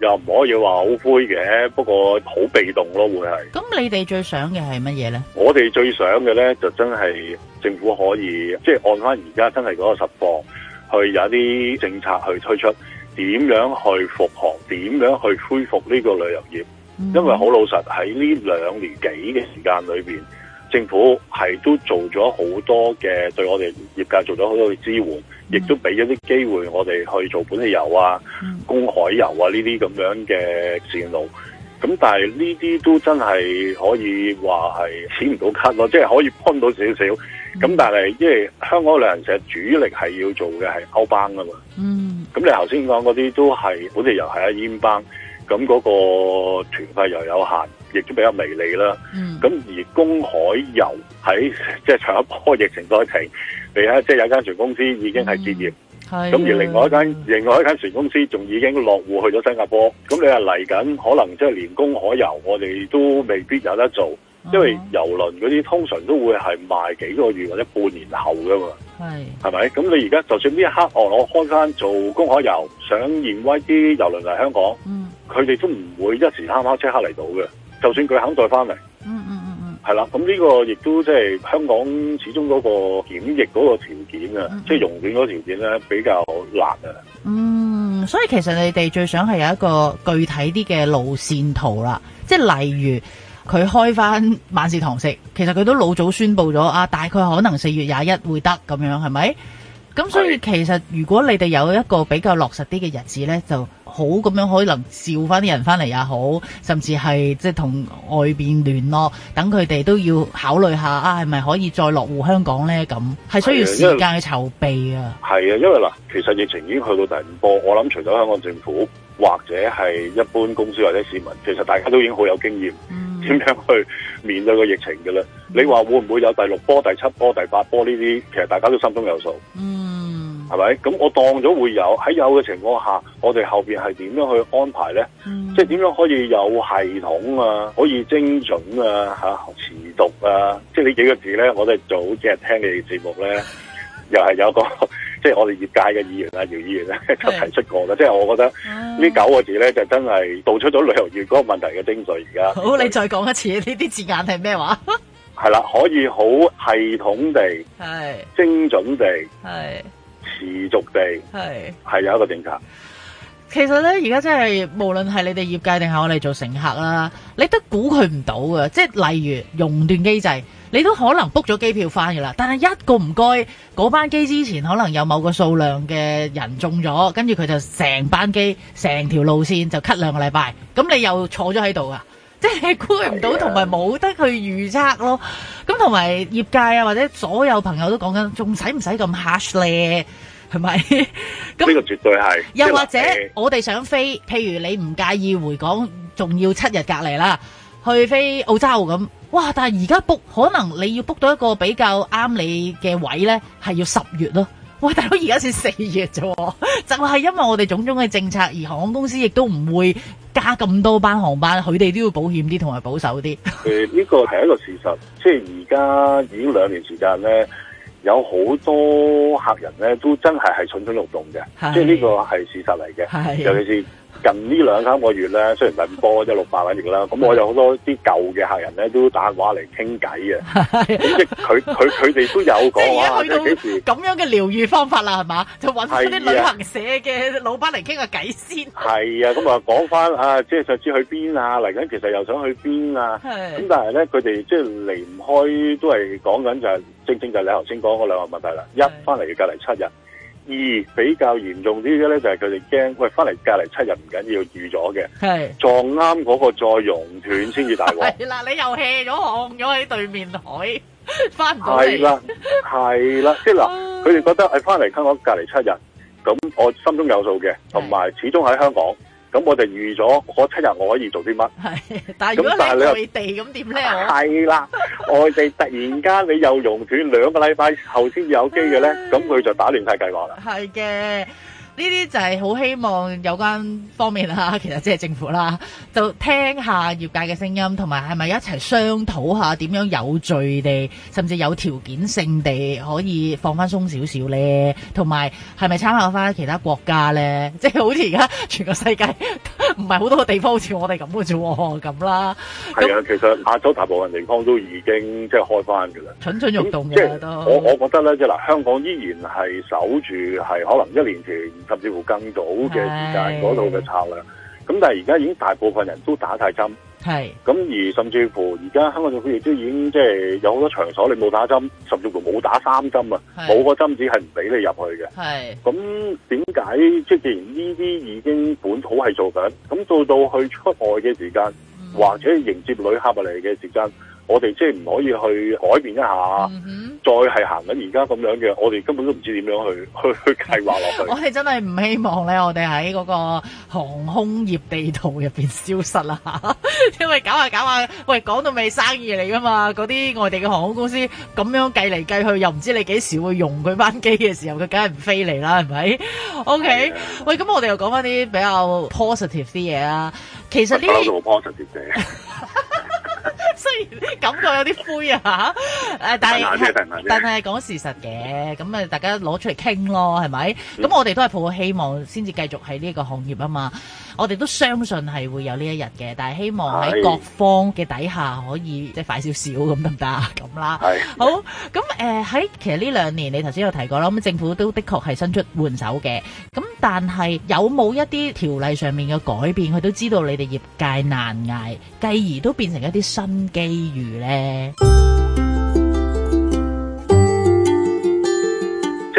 又唔可以話好灰嘅，不過好被動咯，會係。咁你哋最想嘅係乜嘢咧？我哋最想嘅咧，就真係政府可以即係、就是、按翻而家真係嗰個實況。去有一啲政策去推出，點樣去復航，點樣去恢復呢個旅遊業。嗯，因為好老實喺呢兩年幾嘅時間裏邊，政府係都做咗好多嘅，對我哋業界做咗好多嘅支援，亦、嗯、都俾咗啲機會我哋去做本地遊啊、公、嗯、海遊啊呢啲咁樣嘅綫路。咁但係呢啲都真係可以話係錢唔到卡咯，即、就、係、是、可以幫到少少。咁但係，因為香港旅行社主力係要做嘅係歐班噶嘛。嗯。咁你頭先講嗰啲都係，本地遊係阿煙班。咁嗰個團費又有限，亦都比較微利啦。嗯。咁而公海遊喺即係上一波疫情多一期，你睇即係有間船公司已經係結業。咁、嗯、而另外一間，另外一間船公司仲已經落戶去咗新加坡。咁你話嚟緊，可能即係連公海遊，我哋都未必有得做。因為郵輪嗰啲通常都會係賣幾個月或者半年後㗎嘛、啊，係係咪？咁你而家就算呢一刻哦，我開返做公海遊，想延威啲郵輪嚟香港，佢、嗯、哋都唔會一時三刻即刻嚟到嘅。就算佢肯再返嚟，嗯嗯嗯嗯，係、嗯、啦。咁、嗯、呢個亦都即係香港始終嗰個檢疫嗰個條件啊，即、嗯、係、就是、容許嗰個條件咧比較難啊。嗯，所以其實你哋最想係有一個具體啲嘅路線圖啦，即係例如。佢開翻晚市堂食，其實佢都老早宣佈咗啊，大概可能四月廿一會得咁樣，係咪？咁所以其實如果你哋有一個比較落實啲嘅日子呢，就好咁樣可能召翻啲人翻嚟也好，甚至係即係同外面聯絡，等佢哋都要考慮下啊，係咪可以再落戶香港呢。咁係需要時間去籌備啊。係啊，因為嗱，其實疫情已經去到第五波，我諗除咗香港政府。或者係一般公司或者市民，其實大家都已經好有經驗，點、嗯、樣去面對個疫情嘅啦？你話會唔會有第六波、第七波、第八波呢啲？其實大家都心中有數，嗯，係咪？咁我當咗會有喺有嘅情況下，我哋後面係點樣去安排呢？嗯、即係點樣可以有系統啊？可以精準啊？嚇、啊，持續啊？即係呢幾個字呢，我哋早幾日聽你哋節目呢，又係有個。即係我哋業界嘅議員啊，姚議員咧，就提出過嘅。即係我覺得呢九個字咧、啊，就真係道出咗旅遊業嗰個問題嘅精髓。而家好，你再講一次呢啲字眼係咩話？係 啦，可以好系統地、精準地、持續地、係係有一個政策。其實咧，而家真係無論係你哋業界定係我哋做乘客啦，你都估佢唔到嘅。即係例如熔斷機制。你都可能 book 咗機票翻噶啦，但係一個唔該，嗰班機之前可能有某個數量嘅人中咗，跟住佢就成班機、成條路線就 cut 兩個禮拜，咁你又坐咗喺度啊！即係你估唔到，同埋冇得去預測咯。咁同埋業界啊，或者所有朋友都講緊，仲使唔使咁 hush 咧？係咪？咁呢個絕對係。又或者我哋想飛，譬如你唔介意回港，仲要七日隔離啦。去飛澳洲咁，哇！但係而家 book 可能你要 book 到一個比較啱你嘅位咧，係要十月咯。哇！大佬而家先四月咋？就係因為我哋種種嘅政策，而航空公司亦都唔會加咁多班航班，佢哋都要保險啲同埋保守啲。誒，呢個係一個事實，即係而家已經兩年時間咧，有好多客人咧都真係係蠢蠢欲動嘅，即係呢個係事實嚟嘅，尤其是。近呢兩三個月咧，雖然唔係咁多一， 即係六百蚊月啦。咁我有好多啲舊嘅客人咧，都打電話嚟傾偈嘅。即佢佢佢哋都有講啊，即係幾時咁樣嘅療愈方法啦，係嘛？就搵啲旅行社嘅老闆嚟傾下偈先。係、嗯、啊，咁啊講翻啊，即係上次去邊啊？嚟緊其實又想去邊啊？咁但係咧，佢哋即係離唔開，都係講緊就正正就係你頭先講嗰兩個問題啦。一翻嚟隔離七日。二比較嚴重啲嘅咧，就係佢哋驚，喂，翻嚟隔離七日唔緊要預咗嘅，撞啱嗰個再熔斷先至大鑊。係嗱，你又 hea 咗焊咗喺對面海，翻唔到嚟。係啦，係啦，即係嗱，佢哋覺得誒翻嚟香港隔離七日，咁我心中有數嘅，同埋始終喺香港。咁我就預咗嗰七日我可以做啲乜。係，但係如果你外地咁點咧？係啦，外地 我突然間你又熔斷兩個禮拜後先有機嘅咧，咁 佢就打亂晒計劃啦。係嘅。呢啲就係好希望有關方面啦，其實即係政府啦，就聽下業界嘅聲音，同埋係咪一齊商討下點樣有序地，甚至有條件性地可以放翻鬆少少咧，同埋係咪參考翻其他國家咧？即係好似而家全個世界唔係好多個地方好似我哋咁嘅啫，咁啦。係啊，其實亞洲大部分地方都已經即係開翻㗎啦。蠢蠢欲動嘅都。即係我我覺得咧，即係嗱，香港依然係守住係可能一年前。甚至乎更早嘅時間嗰度嘅策略，咁但係而家已經大部分人都打晒針，係，咁而甚至乎而家香港政府亦都已經即係有好多場所你冇打針，甚至乎冇打三針啊，冇個針紙係唔俾你入去嘅，係。咁點解即係既然呢啲已經本土係做緊，咁到到去出外嘅時間，嗯，或者迎接旅客入嚟嘅時間？我哋即係唔可以去改變一下，嗯、再係行緊而家咁樣嘅，我哋根本都唔知點樣去去去計劃落去。我哋真係唔希望咧，我哋喺嗰個航空業地圖入面消失啦，因為搞下搞下，喂，講到尾生意嚟噶嘛？嗰啲外地嘅航空公司咁樣計嚟計去，又唔知你幾時會用佢班機嘅時候，佢梗係唔飛嚟啦，係咪？OK，喂，咁我哋又講翻啲比較 positive 啲嘢啊。其實呢，我做 positive 嘅。 雖 然感覺有啲灰啊！ 啊但係 但係是講 事實嘅，咁 啊大家攞出嚟傾咯，係 咪？咁我哋都係抱個希望先至繼續喺呢個行業啊嘛。我哋都相信係會有呢一日嘅，但係希望喺各方嘅底下可以即係快少少咁得唔得咁啦？好，咁，誒，喺其實呢兩年你頭先有提過啦，咁政府都的確係伸出援手嘅，咁但係有冇一啲條例上面嘅改變，佢都知道你哋業界難捱，繼而都變成一啲新機遇呢？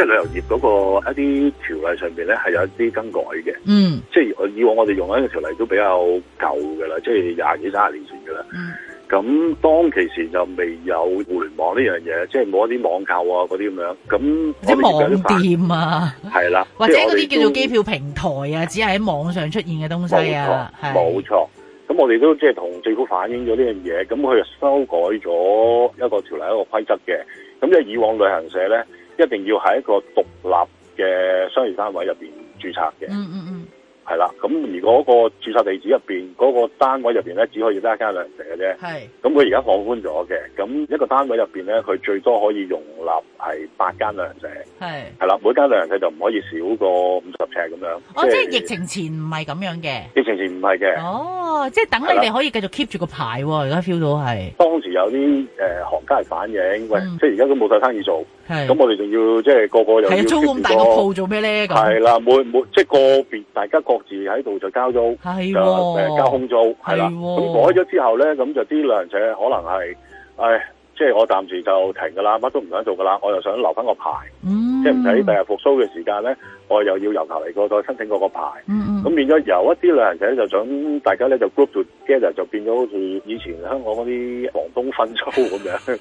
即係旅遊業嗰個一啲條例上面咧，係有一啲更改嘅。嗯，即係以往我哋用一個條例都比較舊嘅啦，即係廿幾三十年前嘅啦。嗯，咁當其時就未有互聯網呢樣嘢，即係冇一啲網購啊嗰啲咁樣。咁即係網店啊，係啦，或者嗰啲叫做機票平台啊，只係喺網上出現嘅東西啊。冇錯，冇錯。咁我哋都即係同政府反映咗呢樣嘢，咁佢就修改咗一個條例一個規則嘅。咁即係以往旅行社咧。一定要喺一個獨立嘅商業單位入邊註冊嘅。嗯嗯嗯。係、嗯、啦，咁如果個註冊地址入邊嗰個單位入邊咧，只可以得一間兩人食嘅啫。係。咁佢而家放寬咗嘅，咁一個單位入邊咧，佢最多可以容納係八間兩人食。係。係啦，每間兩人食就唔可以少過五十尺咁樣。哦，就是、哦即係疫情前唔係咁樣嘅。疫情前唔係嘅。哦，即係等你哋可以繼續 keep 住個牌。而家 feel 到係。當時有啲誒、嗯呃、行家係反映，喂，嗯、即係而家都冇晒生意做。咁我哋仲要即係、就是、個個又要租咁大個鋪做咩咧？係啦，每每即係個別，大家各自喺度就交租，就、哦呃、交空租係啦。咁改咗之後咧，咁就啲旅行社可能係，誒，即係我暫時就停噶啦，乜都唔想做噶啦，我又想留翻個牌，嗯、即係唔使第日復甦嘅時間咧。我又要由頭嚟過再申請個個牌，咁、嗯嗯、變咗由一啲旅行者咧就想大家咧就 group together，就變咗好似以前香港嗰啲房東分租咁樣。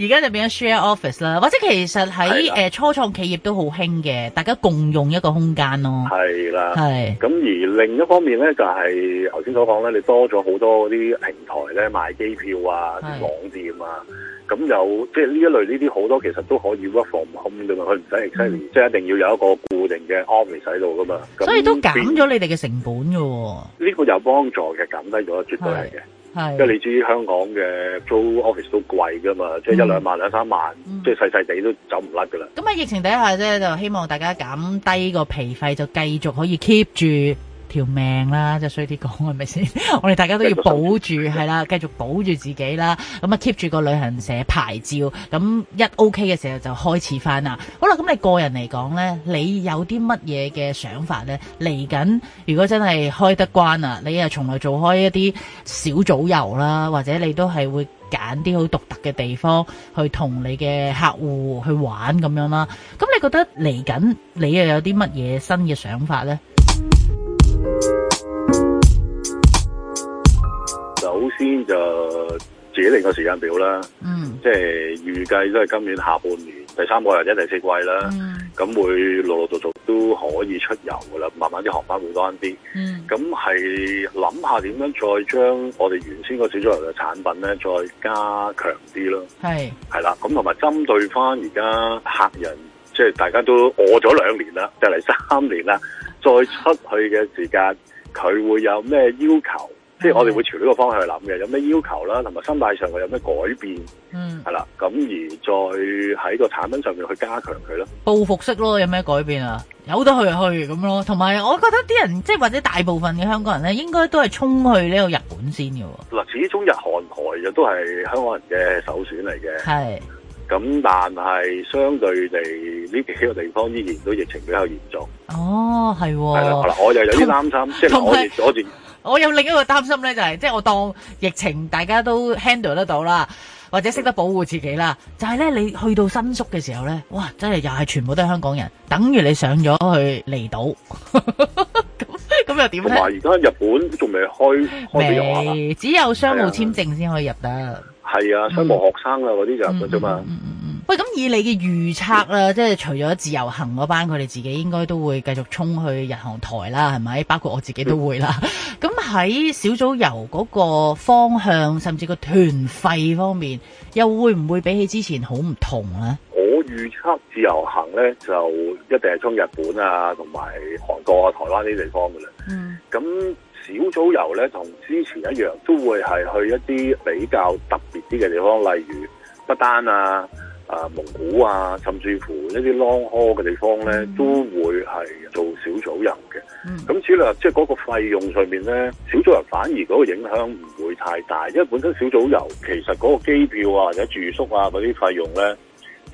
而 家就變咗 share office 啦，或者其實喺初創企業都好興嘅，大家共用一個空間咯。係啦，係。咁而另一方面咧，就係頭先所講咧，你多咗好多嗰啲平台咧賣機票啊，啲網店啊。咁有即係呢一類呢啲好多其實都可以 work from home 噶嘛，佢唔使 extending 即係一定要有一個固定嘅 office 喺度噶嘛。所以都減咗你哋嘅成本喎。呢、這個有幫助嘅，減低咗絕對係嘅。係、嗯，即係你知香港嘅租 office 都貴噶嘛，即係一兩萬兩三萬，嗯、即係細細地都走唔甩噶啦。咁喺疫情底下咧就希望大家減低個皮費，就繼續可以 keep 住條命啦，即係衰啲講係咪先？ 我哋大家都要保住，係 啦，繼續保住自己啦。咁啊，keep 住個旅行社牌照，咁一 OK 嘅時候就開始翻啦。好啦，咁你個人嚟講呢，你有啲乜嘢嘅想法呢？嚟緊如果真係開得關啊，你又從來做開一啲小組遊啦，或者你都係會揀啲好獨特嘅地方去同你嘅客戶去玩咁樣啦。咁你覺得嚟緊你又有啲乜嘢新嘅想法呢？先就自己定個時間表啦，嗯，即係預計都係今年下半年第三季或者第四季啦，咁、嗯、會陸陸續續都可以出遊噶啦，慢慢啲航班會多啲，嗯，咁係諗下點樣再將我哋原先個小組遊嘅產品咧，再加強啲咯，係係啦，咁同埋針對翻而家客人，即係大家都餓咗兩年啦，就嚟三年啦，再出去嘅時間，佢會有咩要求？即係我哋會朝呢個方向去諗嘅，有咩要求啦，同埋心態上嘅有咩改變，嗯，係啦，咁而再喺個產品上面去加強佢咯。報復式咯，有咩改變啊？有得去就去咁咯。同埋，我覺得啲人即係或者大部分嘅香港人咧，應該都係衝去呢個日本先嘅。嗱，始終日韓台就都係香港人嘅首選嚟嘅。係。咁但係相對地，呢幾個地方依然都疫情比較嚴重。哦，係。係啦，我又有啲擔心，即係我哋。我有另一個擔心呢，就係即係我當疫情大家都 handle 得到啦，或者識得保護自己啦，就係呢，你去到新宿嘅時候呢，哇！真係又係全部都係香港人，等於你上咗去離島咁咁 又點呢？同埋而家日本仲未開開旅遊啊嘛，只有商務簽證先可以入得。係啊，商務學生啊，嗰啲就係咁啫嘛。喂，咁以你嘅預測啦，嗯，即係除咗自由行嗰班，佢哋自己應該都會繼續衝去日韓台啦，係咪？包括我自己都會啦。咁，嗯、喺小組遊嗰個方向，甚至個團費方面，又會唔會比起之前好唔同咧？我預測自由行咧，就一定係衝日本啊，同埋韓國啊、台灣呢啲地方噶啦。嗯。咁。小組遊咧，同之前一樣，都會係去一啲比較特別啲嘅地方，例如不丹啊、啊蒙古啊，甚至乎一啲 long haul 嘅地方咧，都會係做小組遊嘅。咁只略，即係嗰個費用上面咧，小組遊反而嗰個影響唔會太大，因為本身小組遊其實嗰個機票啊或者住宿啊嗰啲費用咧。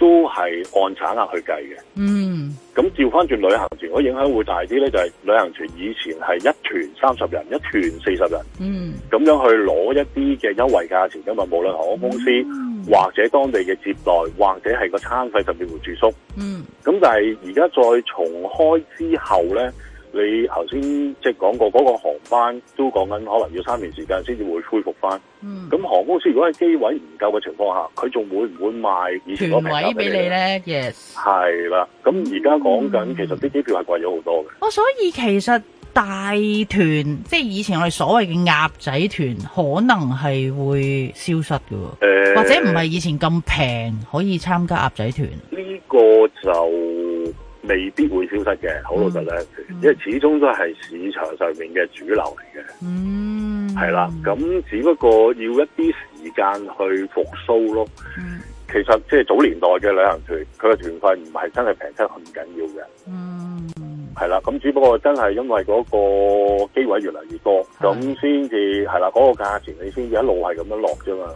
都係按產額去計嘅。嗯，咁調翻轉旅行團，我影響會大啲呢就係旅行團以前係一團三十人，一團四十人。嗯，咁樣去攞一啲嘅優惠價錢，咁啊，無論航空公司、mm -hmm. 或者當地嘅接待，或者係個餐費甚至乎住宿。嗯，咁但係而家再重開之後呢。你頭先即係講過嗰個航班都講緊，可能要三年時間先至會恢復翻。嗯，咁航空公司如果喺機位唔夠嘅情況下，佢仲會唔會賣以前嗰個位俾你咧？Yes，係啦。咁而家講緊其實啲機票係貴咗好多嘅。哦、嗯，oh，所以其實大團即係以前我哋所謂嘅鴨仔團，可能係會消失嘅、欸，或者唔係以前咁平可以參加鴨仔團。呢個就。未必會消失嘅，好老實咧，因為始終都係市場上面嘅主流嚟嘅。嗯，係啦，咁只不過要一啲時間去復甦咯、嗯。其實即係早年代嘅旅行團，佢嘅團費唔係真係平得去唔緊要嘅。嗯，係啦，咁只不過真係因為嗰個機位越嚟越多，咁先至係啦，嗰、嗰個價錢你先至一路係咁樣落啫嘛。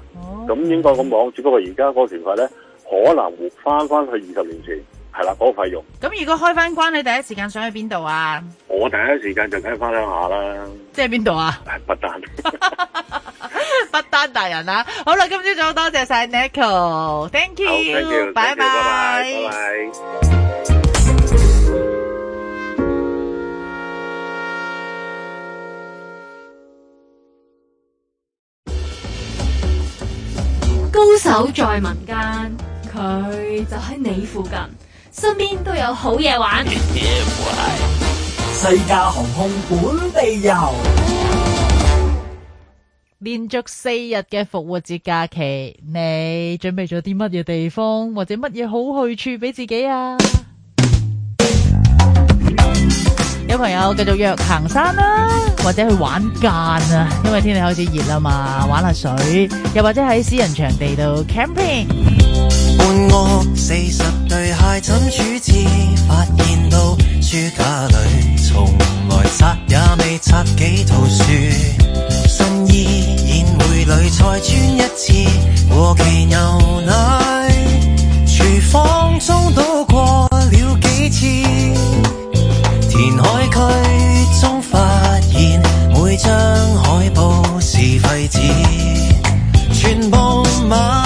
咁、哦、應該咁講，只不過而家嗰個團費咧，可能回翻翻去二十年前。係啦，嗰個費用。咁如果開翻關，你第一時間想去邊度啊？我第一時間就梗翻鄉下啦。即係邊度啊？不丹 ， 不丹大人啊！好啦，今朝早多謝晒 Nico，Thank you，拜拜。高手在民間，佢就喺你附近。身邊都有好嘢玩， 西加航空本地遊。連續四日嘅復活節假期，你準備咗啲乜嘢地方，或者乜嘢好去處俾自己啊？ 有朋友繼續約行山啦、啊，或者去玩間啊，因為天氣開始熱啊嘛，玩下水，又或者喺私人場地度 camping。半屋四十對鞋怎處置？發現到書架裏從來拆也未拆幾套書，新衣宴會裏再穿一次，過期牛奶廚房中倒過了幾次，填海區中發現每張海報是廢紙，全部賣。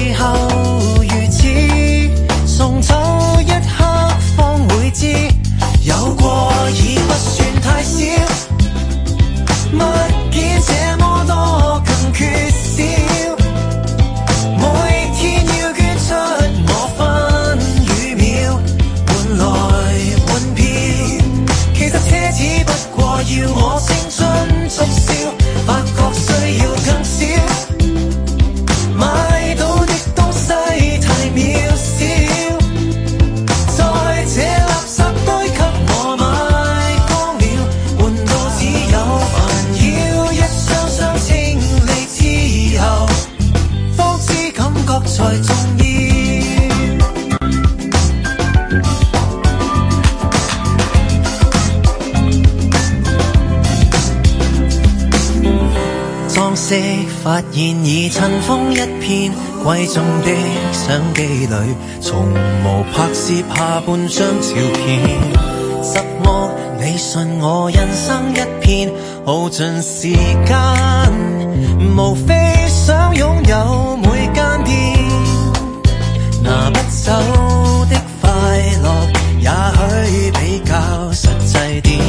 現已塵封一片，貴重的相機裏，從無拍攝下半張照片。執我，你信我，人生一片耗盡時間，無非想擁有每間店，拿不走的快樂，也許比較實際點。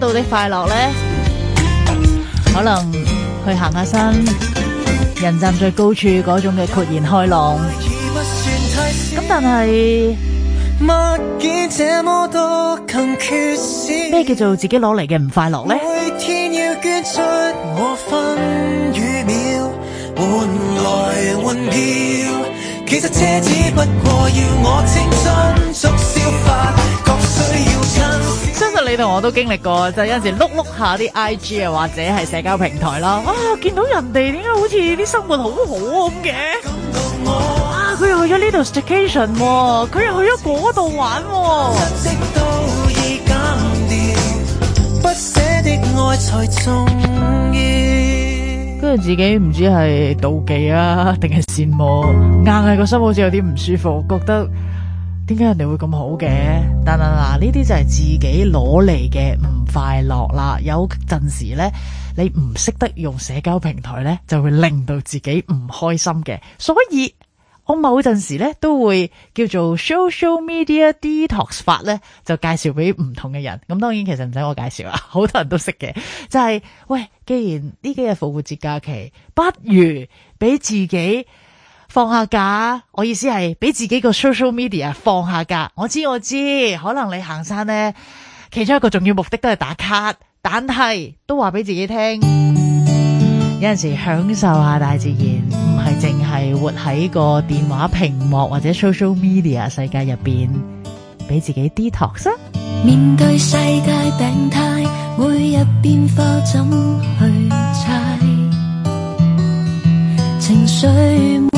到底快樂呢？可能去行下山，人站最高處嗰種嘅豁然開朗。咁但係，咩叫做自己攞嚟嘅唔快樂呢？每天要捐出我分與秒換來換票，其實奢侈不過要我青春速消法。呢度我都經歷過，就係、有陣時碌碌下啲 I G 啊，或者係社交平台啦。啊，見到人哋點解好似啲生活好好咁嘅？啊，佢又去咗呢度 station 喎，佢又去咗嗰度玩喎。跟住、嗯嗯嗯嗯、自己唔知係妒忌啊，定係羨慕，硬係個心好似有啲唔舒服，覺得。點解人哋會咁好嘅？但係嗱，呢啲就係自己攞嚟嘅唔快樂啦。有陣時呢，你唔識得用社交平台呢，就會令到自己唔開心嘅。所以我某陣時呢，都會叫做 Social Media Detox 法呢，就介紹俾唔同嘅人。咁當然其實唔使我介紹啦，好多人都識嘅。就係、是、喂，既然呢幾日復活節假期，不如俾自己。放下假，我意思係俾自己個 social media 放下假。我知我知，可能你行山咧，其中一個重要目的都係打卡，但係都話俾自己聽、嗯，有陣時享受下大自然，唔係淨係活喺個電話屏幕或者 social media 世界入邊，俾自己 detox 啦。面對世界病態，每日變化怎去猜？情緒。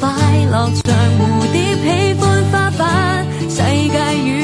快樂像蝴蝶喜歡花瓣，世 界。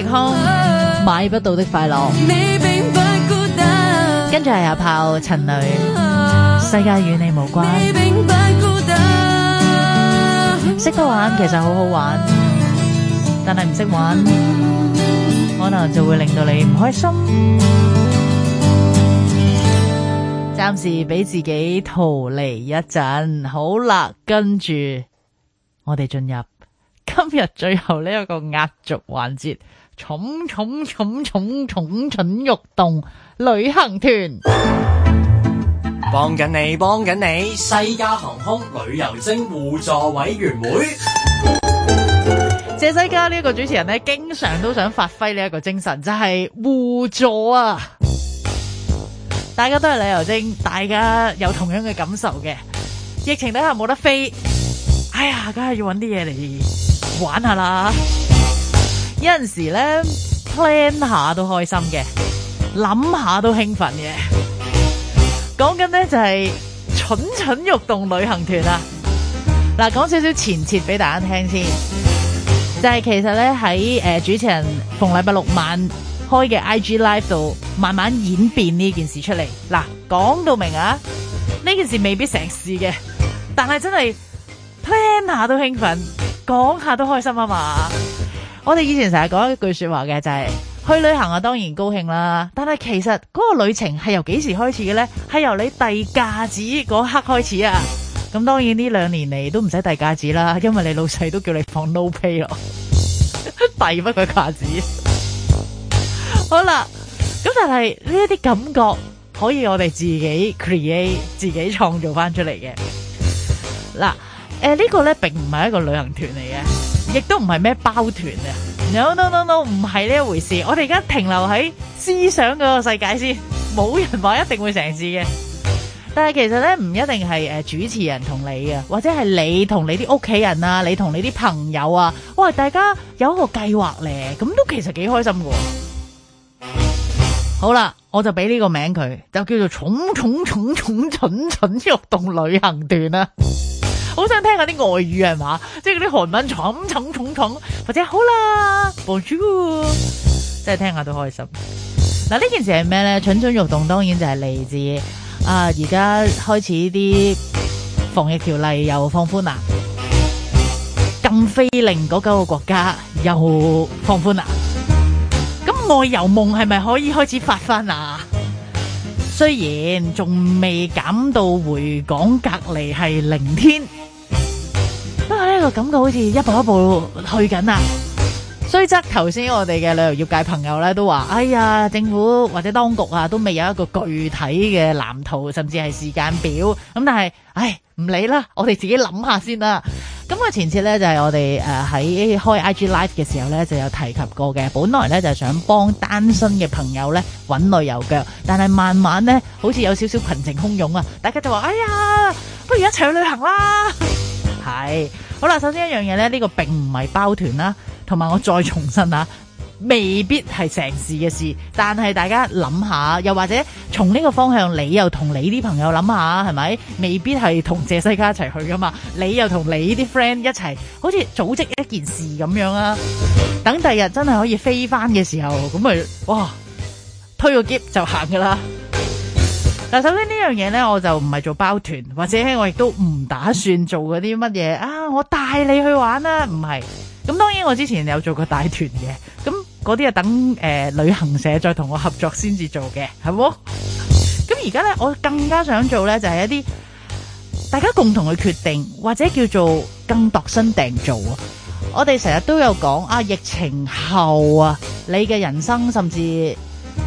極酷，買不到的快樂。跟住係阿炮、陳女、啊、世界與你無關。識得玩其實好好玩，但係唔識玩，可能就會令到你唔開心。暫時俾自己逃離一陣，好啦。跟住我哋進入今日最後呢一個壓軸環節。蠢蠢蠢蠢蠢蠢，蠢，蠢欲動，旅行團幫緊你，幫緊你，西加航空旅遊精互助委員會，謝西加呢個主持人呢經常都想發揮呢一個精神，就係、是、互助啊！ 大家都係旅遊精，大家有同樣嘅感受嘅，疫情底下冇得飛，哎呀，梗係要揾啲嘢嚟玩下啦～有陣時咧 plan 下都開心嘅，諗下都興奮嘅。講緊咧就係蠢蠢欲動旅行團啦。嗱，講少少前設俾大家聽先，就係其實咧喺誒主持人逢禮拜六晚開嘅 IG live 度慢慢演變呢件事出嚟。嗱，講到明啊，呢件事未必成事嘅，但係真係 plan 下都興奮，講下都開心啊嘛。我哋以前成日講一句說話嘅就係、是、去旅行啊，當然高興啦。但係其實嗰個旅程係由幾時開始嘅咧？係由你遞架子嗰刻開始啊！咁當然呢兩年嚟都唔使遞架子啦，因為你老細都叫你放 no pay 咯，遞乜鬼架子？ 好啦，咁但係呢一啲感覺可以我哋自己 create，自己創造翻出嚟嘅。嗱，誒、呃這個、呢個咧並唔係一個旅行團嚟嘅。亦都唔係咩包團啊！No no no no，唔係呢一回事。我哋而家停留喺思想嗰個世界先，冇人話一定會成事嘅。 但係其實咧，唔一定係誒、呃、主持人同你啊，或者係你同你啲屋企人啊，你同你啲朋友啊，哇！大家有一個計劃咧，咁都其實幾開心噶。好啦，我就俾呢個名佢，就叫做《重重重重蠢蠢欲動旅行團》啦。好想聽下啲外語係嘛，即係嗰啲韓文蠢蠢蠢蠢，或者好啦，Bonjour，真係聽下都開心。嗱，呢件事係咩咧？蠢蠢欲動，當然就係嚟自啊而家開始啲防疫條例又放寬啦，禁飛令嗰九個國家又放寬啦。咁，外遊夢係咪可以開始發翻啊？雖然仲未減到回港隔離係零天。呢、這個感覺好似一步一步去緊啊！雖則頭先我哋嘅旅遊業界朋友咧都話，哎呀，政府或者當局啊，都未有一個具體嘅藍圖，甚至係時間表。咁但係，唉、哎，唔理啦，我哋自己諗下先啦。咁啊，前次咧就係我哋誒喺開 IG Live 嘅時候咧，就有提及過嘅。本來咧就想幫單身嘅朋友咧搵旅遊腳，但係慢慢咧好似有少少群情洶湧啊！大家就話，哎呀，不如一齊去旅行啦！係好啦，首先一樣嘢咧，呢個並唔係包團啦，同埋我再重申下，未必係成事嘅事。但係大家諗下，又或者從呢個方向，你又同你啲朋友諗下，係咪未必係同謝西加一齊去噶嘛？你又同你啲 friend 一齊，好似組織一件事咁樣啊？等第日真係可以飛翻嘅時候，咁咪哇，推個喼就行噶啦。嗱，首先呢樣嘢呢，我就唔係做包團，或者我亦都唔打算做嗰啲乜嘢啊！我帶你去玩啦，唔係。咁當然我之前有做過大團嘅，咁嗰啲啊等誒、呃、旅行社再同我合作先至做嘅，係冇。咁而家呢，我更加想做呢，就係、是、一啲大家共同去決定，或者叫做更度身訂造啊！我哋成日都有講啊，疫情後啊，你嘅人生甚至。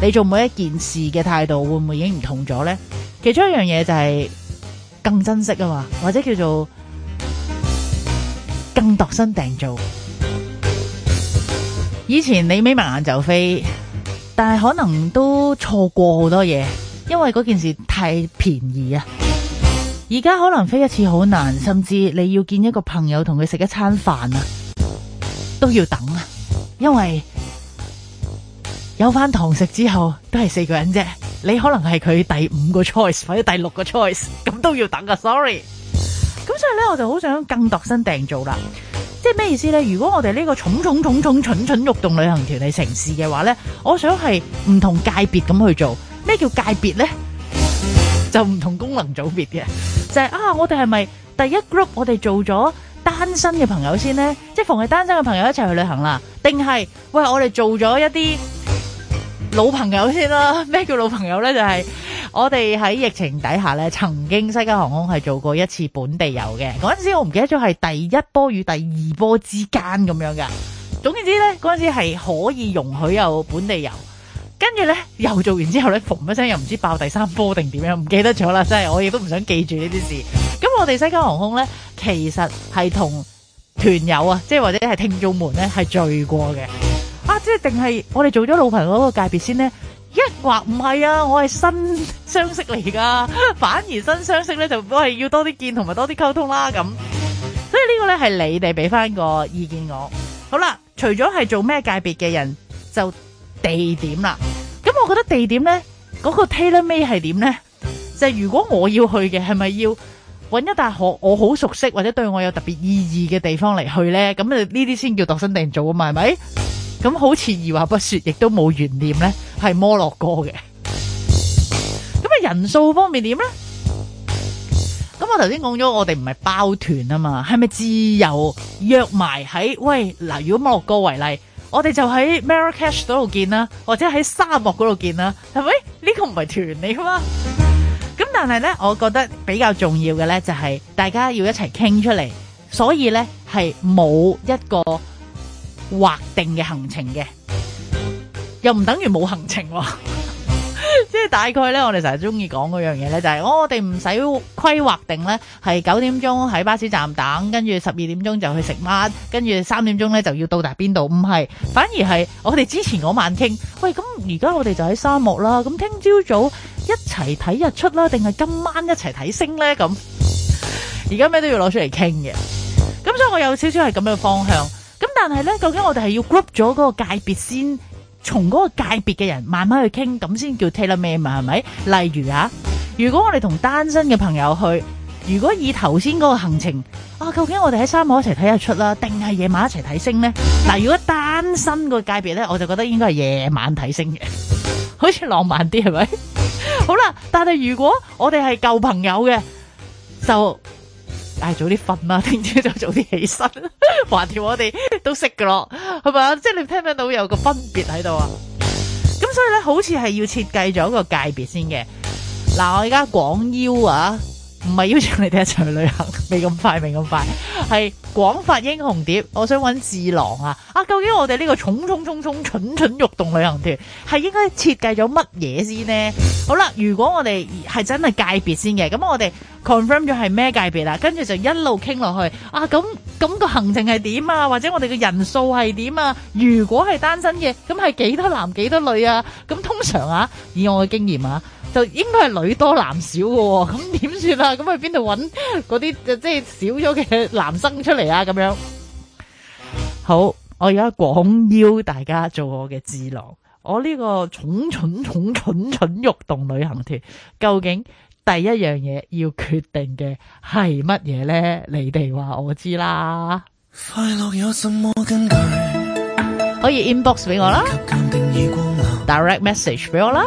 你做每一件事嘅態度會唔會已經唔同咗呢？其中一樣嘢就係更珍惜啊嘛，或者叫做更度身訂造。以前你眯埋眼就飛，但係可能都錯過好多嘢，因為嗰件事太便宜啊。而家可能飛一次好難，甚至你要見一個朋友同佢食一餐飯啊，都要等啊，因為。有翻堂食之後都係四個人啫。你可能係佢第五個 choice 或者第六個 choice，咁都要等噶。Sorry，咁所以咧，我就好想更度身訂做啦。即係咩意思咧？如果我哋呢個重重重重蠢蠢蠢蠢欲動旅行團係城市嘅話咧，我想係唔同界別咁去做。咩叫界別咧？就唔同功能組別嘅就係啊，我哋係咪第一 group？我哋做咗單身嘅朋友先咧，即係逢係單身嘅朋友一齊去旅行啦？定係喂，我哋做咗一啲？老朋友先啦，咩叫老朋友呢？就係、是、我哋喺疫情底下呢曾經，西加航空係做過一次本地遊嘅。嗰陣時我唔記得咗係第一波與第二波之間咁樣噶。總之呢，嗰陣時係可以容許有本地遊。跟住呢，又做完之後呢，逢一聲又唔知爆第三波定點樣，唔記得咗啦。真係我亦都唔想記住呢啲事。咁我哋西加航空呢，其實係同團友啊，即係或者係聽眾們呢，係聚過嘅。啊！即係定係我哋做咗老朋友嗰個界別先咧？一或唔係啊？我係新相識嚟噶，反而新相識咧就都係要多啲見同埋多啲溝通啦咁。所以呢個咧係你哋俾翻個意見我。好啦，除咗係做咩界別嘅人，就地點啦。咁我覺得地點咧嗰個 tailor made 係點咧？就係如果我要去嘅係咪要？揾一笪可我好熟悉或者對我有特別意義嘅地方嚟去咧，咁啊呢啲先叫度身訂造啊嘛，係咪？咁好似二話不說，亦都冇懸念咧，係摩洛哥嘅。咁啊人數方面點咧？咁我頭先講咗，我哋唔係包團啊嘛，係咪自由約埋喺？喂，嗱，如果摩洛哥為例，我哋就喺 Marrakech 嗰度見啦，或者喺沙漠嗰度見啦，係咪？呢、這個唔係團嚟噶嘛？咁但係咧，我覺得比較重要嘅咧，就係大家要一齊傾出嚟，所以咧係冇一個劃定嘅行程嘅，又唔等於冇行程，哦，即 係大概咧，我哋成日中意講嗰樣嘢咧，就係我哋唔使規劃定咧，係九點鐘喺巴士站等，跟住十二點鐘就去食乜，跟住三點鐘咧就要到達邊度，唔係，反而係我哋之前嗰晚傾，喂，咁而家我哋就喺沙漠啦，咁聽朝早。一齊睇日出啦，定係今晚一齊睇星咧？咁而家咩都要攞出嚟傾嘅。咁所以我有少少係咁嘅方向。咁但係咧，究竟我哋係要 group 咗嗰個界別先，從嗰個界別嘅人慢慢去傾，咁先叫 tailor-made 嘛，係咪？例如啊，如果我哋同單身嘅朋友去，如果以頭先嗰個行程啊，究竟我哋喺沙漠一齊睇日出啦，定係夜晚一齊睇星咧？嗱，如果單身個界別咧，我就覺得應該係夜晚睇星嘅，好似浪漫啲，係咪？好啦，但係如果我哋係舊朋友嘅，就唉、哎、早啲瞓啦，聽朝就早啲起身，還掂我哋都識噶咯，係咪啊？即、就、係、是、你聽唔聽到有個分別喺度啊？咁所以咧，好似係要設計咗個界別先嘅。嗱，我而家講腰啊。唔係邀請你哋一齊去旅行，未咁快，未咁快。係廣發英雄帖，我想搵智囊啊！啊，究竟我哋呢個重重重重蠢蠢欲動旅行團係應該設計咗乜嘢先呢？好啦，如果我哋係真係界別先嘅，咁我哋 confirm 咗係咩界別啦？跟住就一路傾落去啊！咁咁個行程係點啊？或者我哋嘅人數係點啊？如果係單身嘅，咁係幾多男幾多女啊？咁通常啊，以我嘅經驗啊。就應該係女多男少喎，咁點算啊？咁去邊度搵嗰啲即係少咗嘅男生出嚟啊？咁樣好，我而家廣邀大家做我嘅智囊，我呢個重蠢重蠢蠢蠢蠢欲動旅行團，究竟第一樣嘢要決定嘅係乜嘢咧？你哋話我知啦。快樂有什麼可以 inbox 俾我啦，Direct message 俾我啦。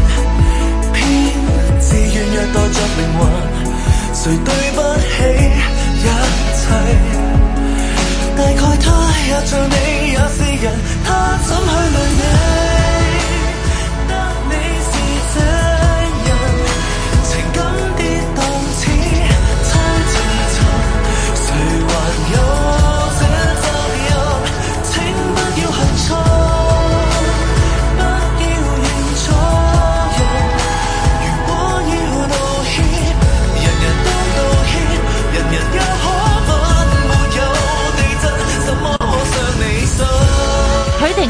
若帶着命運，誰對不起一切？大概他也像你，也是人，他怎去問你？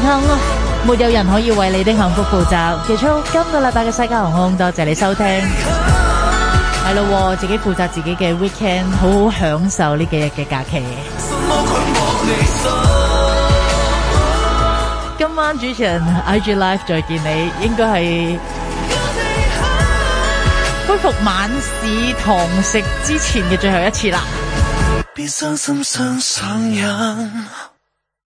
幸福，沒有人可以為你的幸福負責。結束今個禮拜嘅世界航空，多謝你收聽。係咯，自己負責自己嘅 weekend，好好享受呢幾日嘅假期我我、哦。今晚主持人 IG Live 再見你，應該係恢復晚市堂食之前嘅最後一次啦。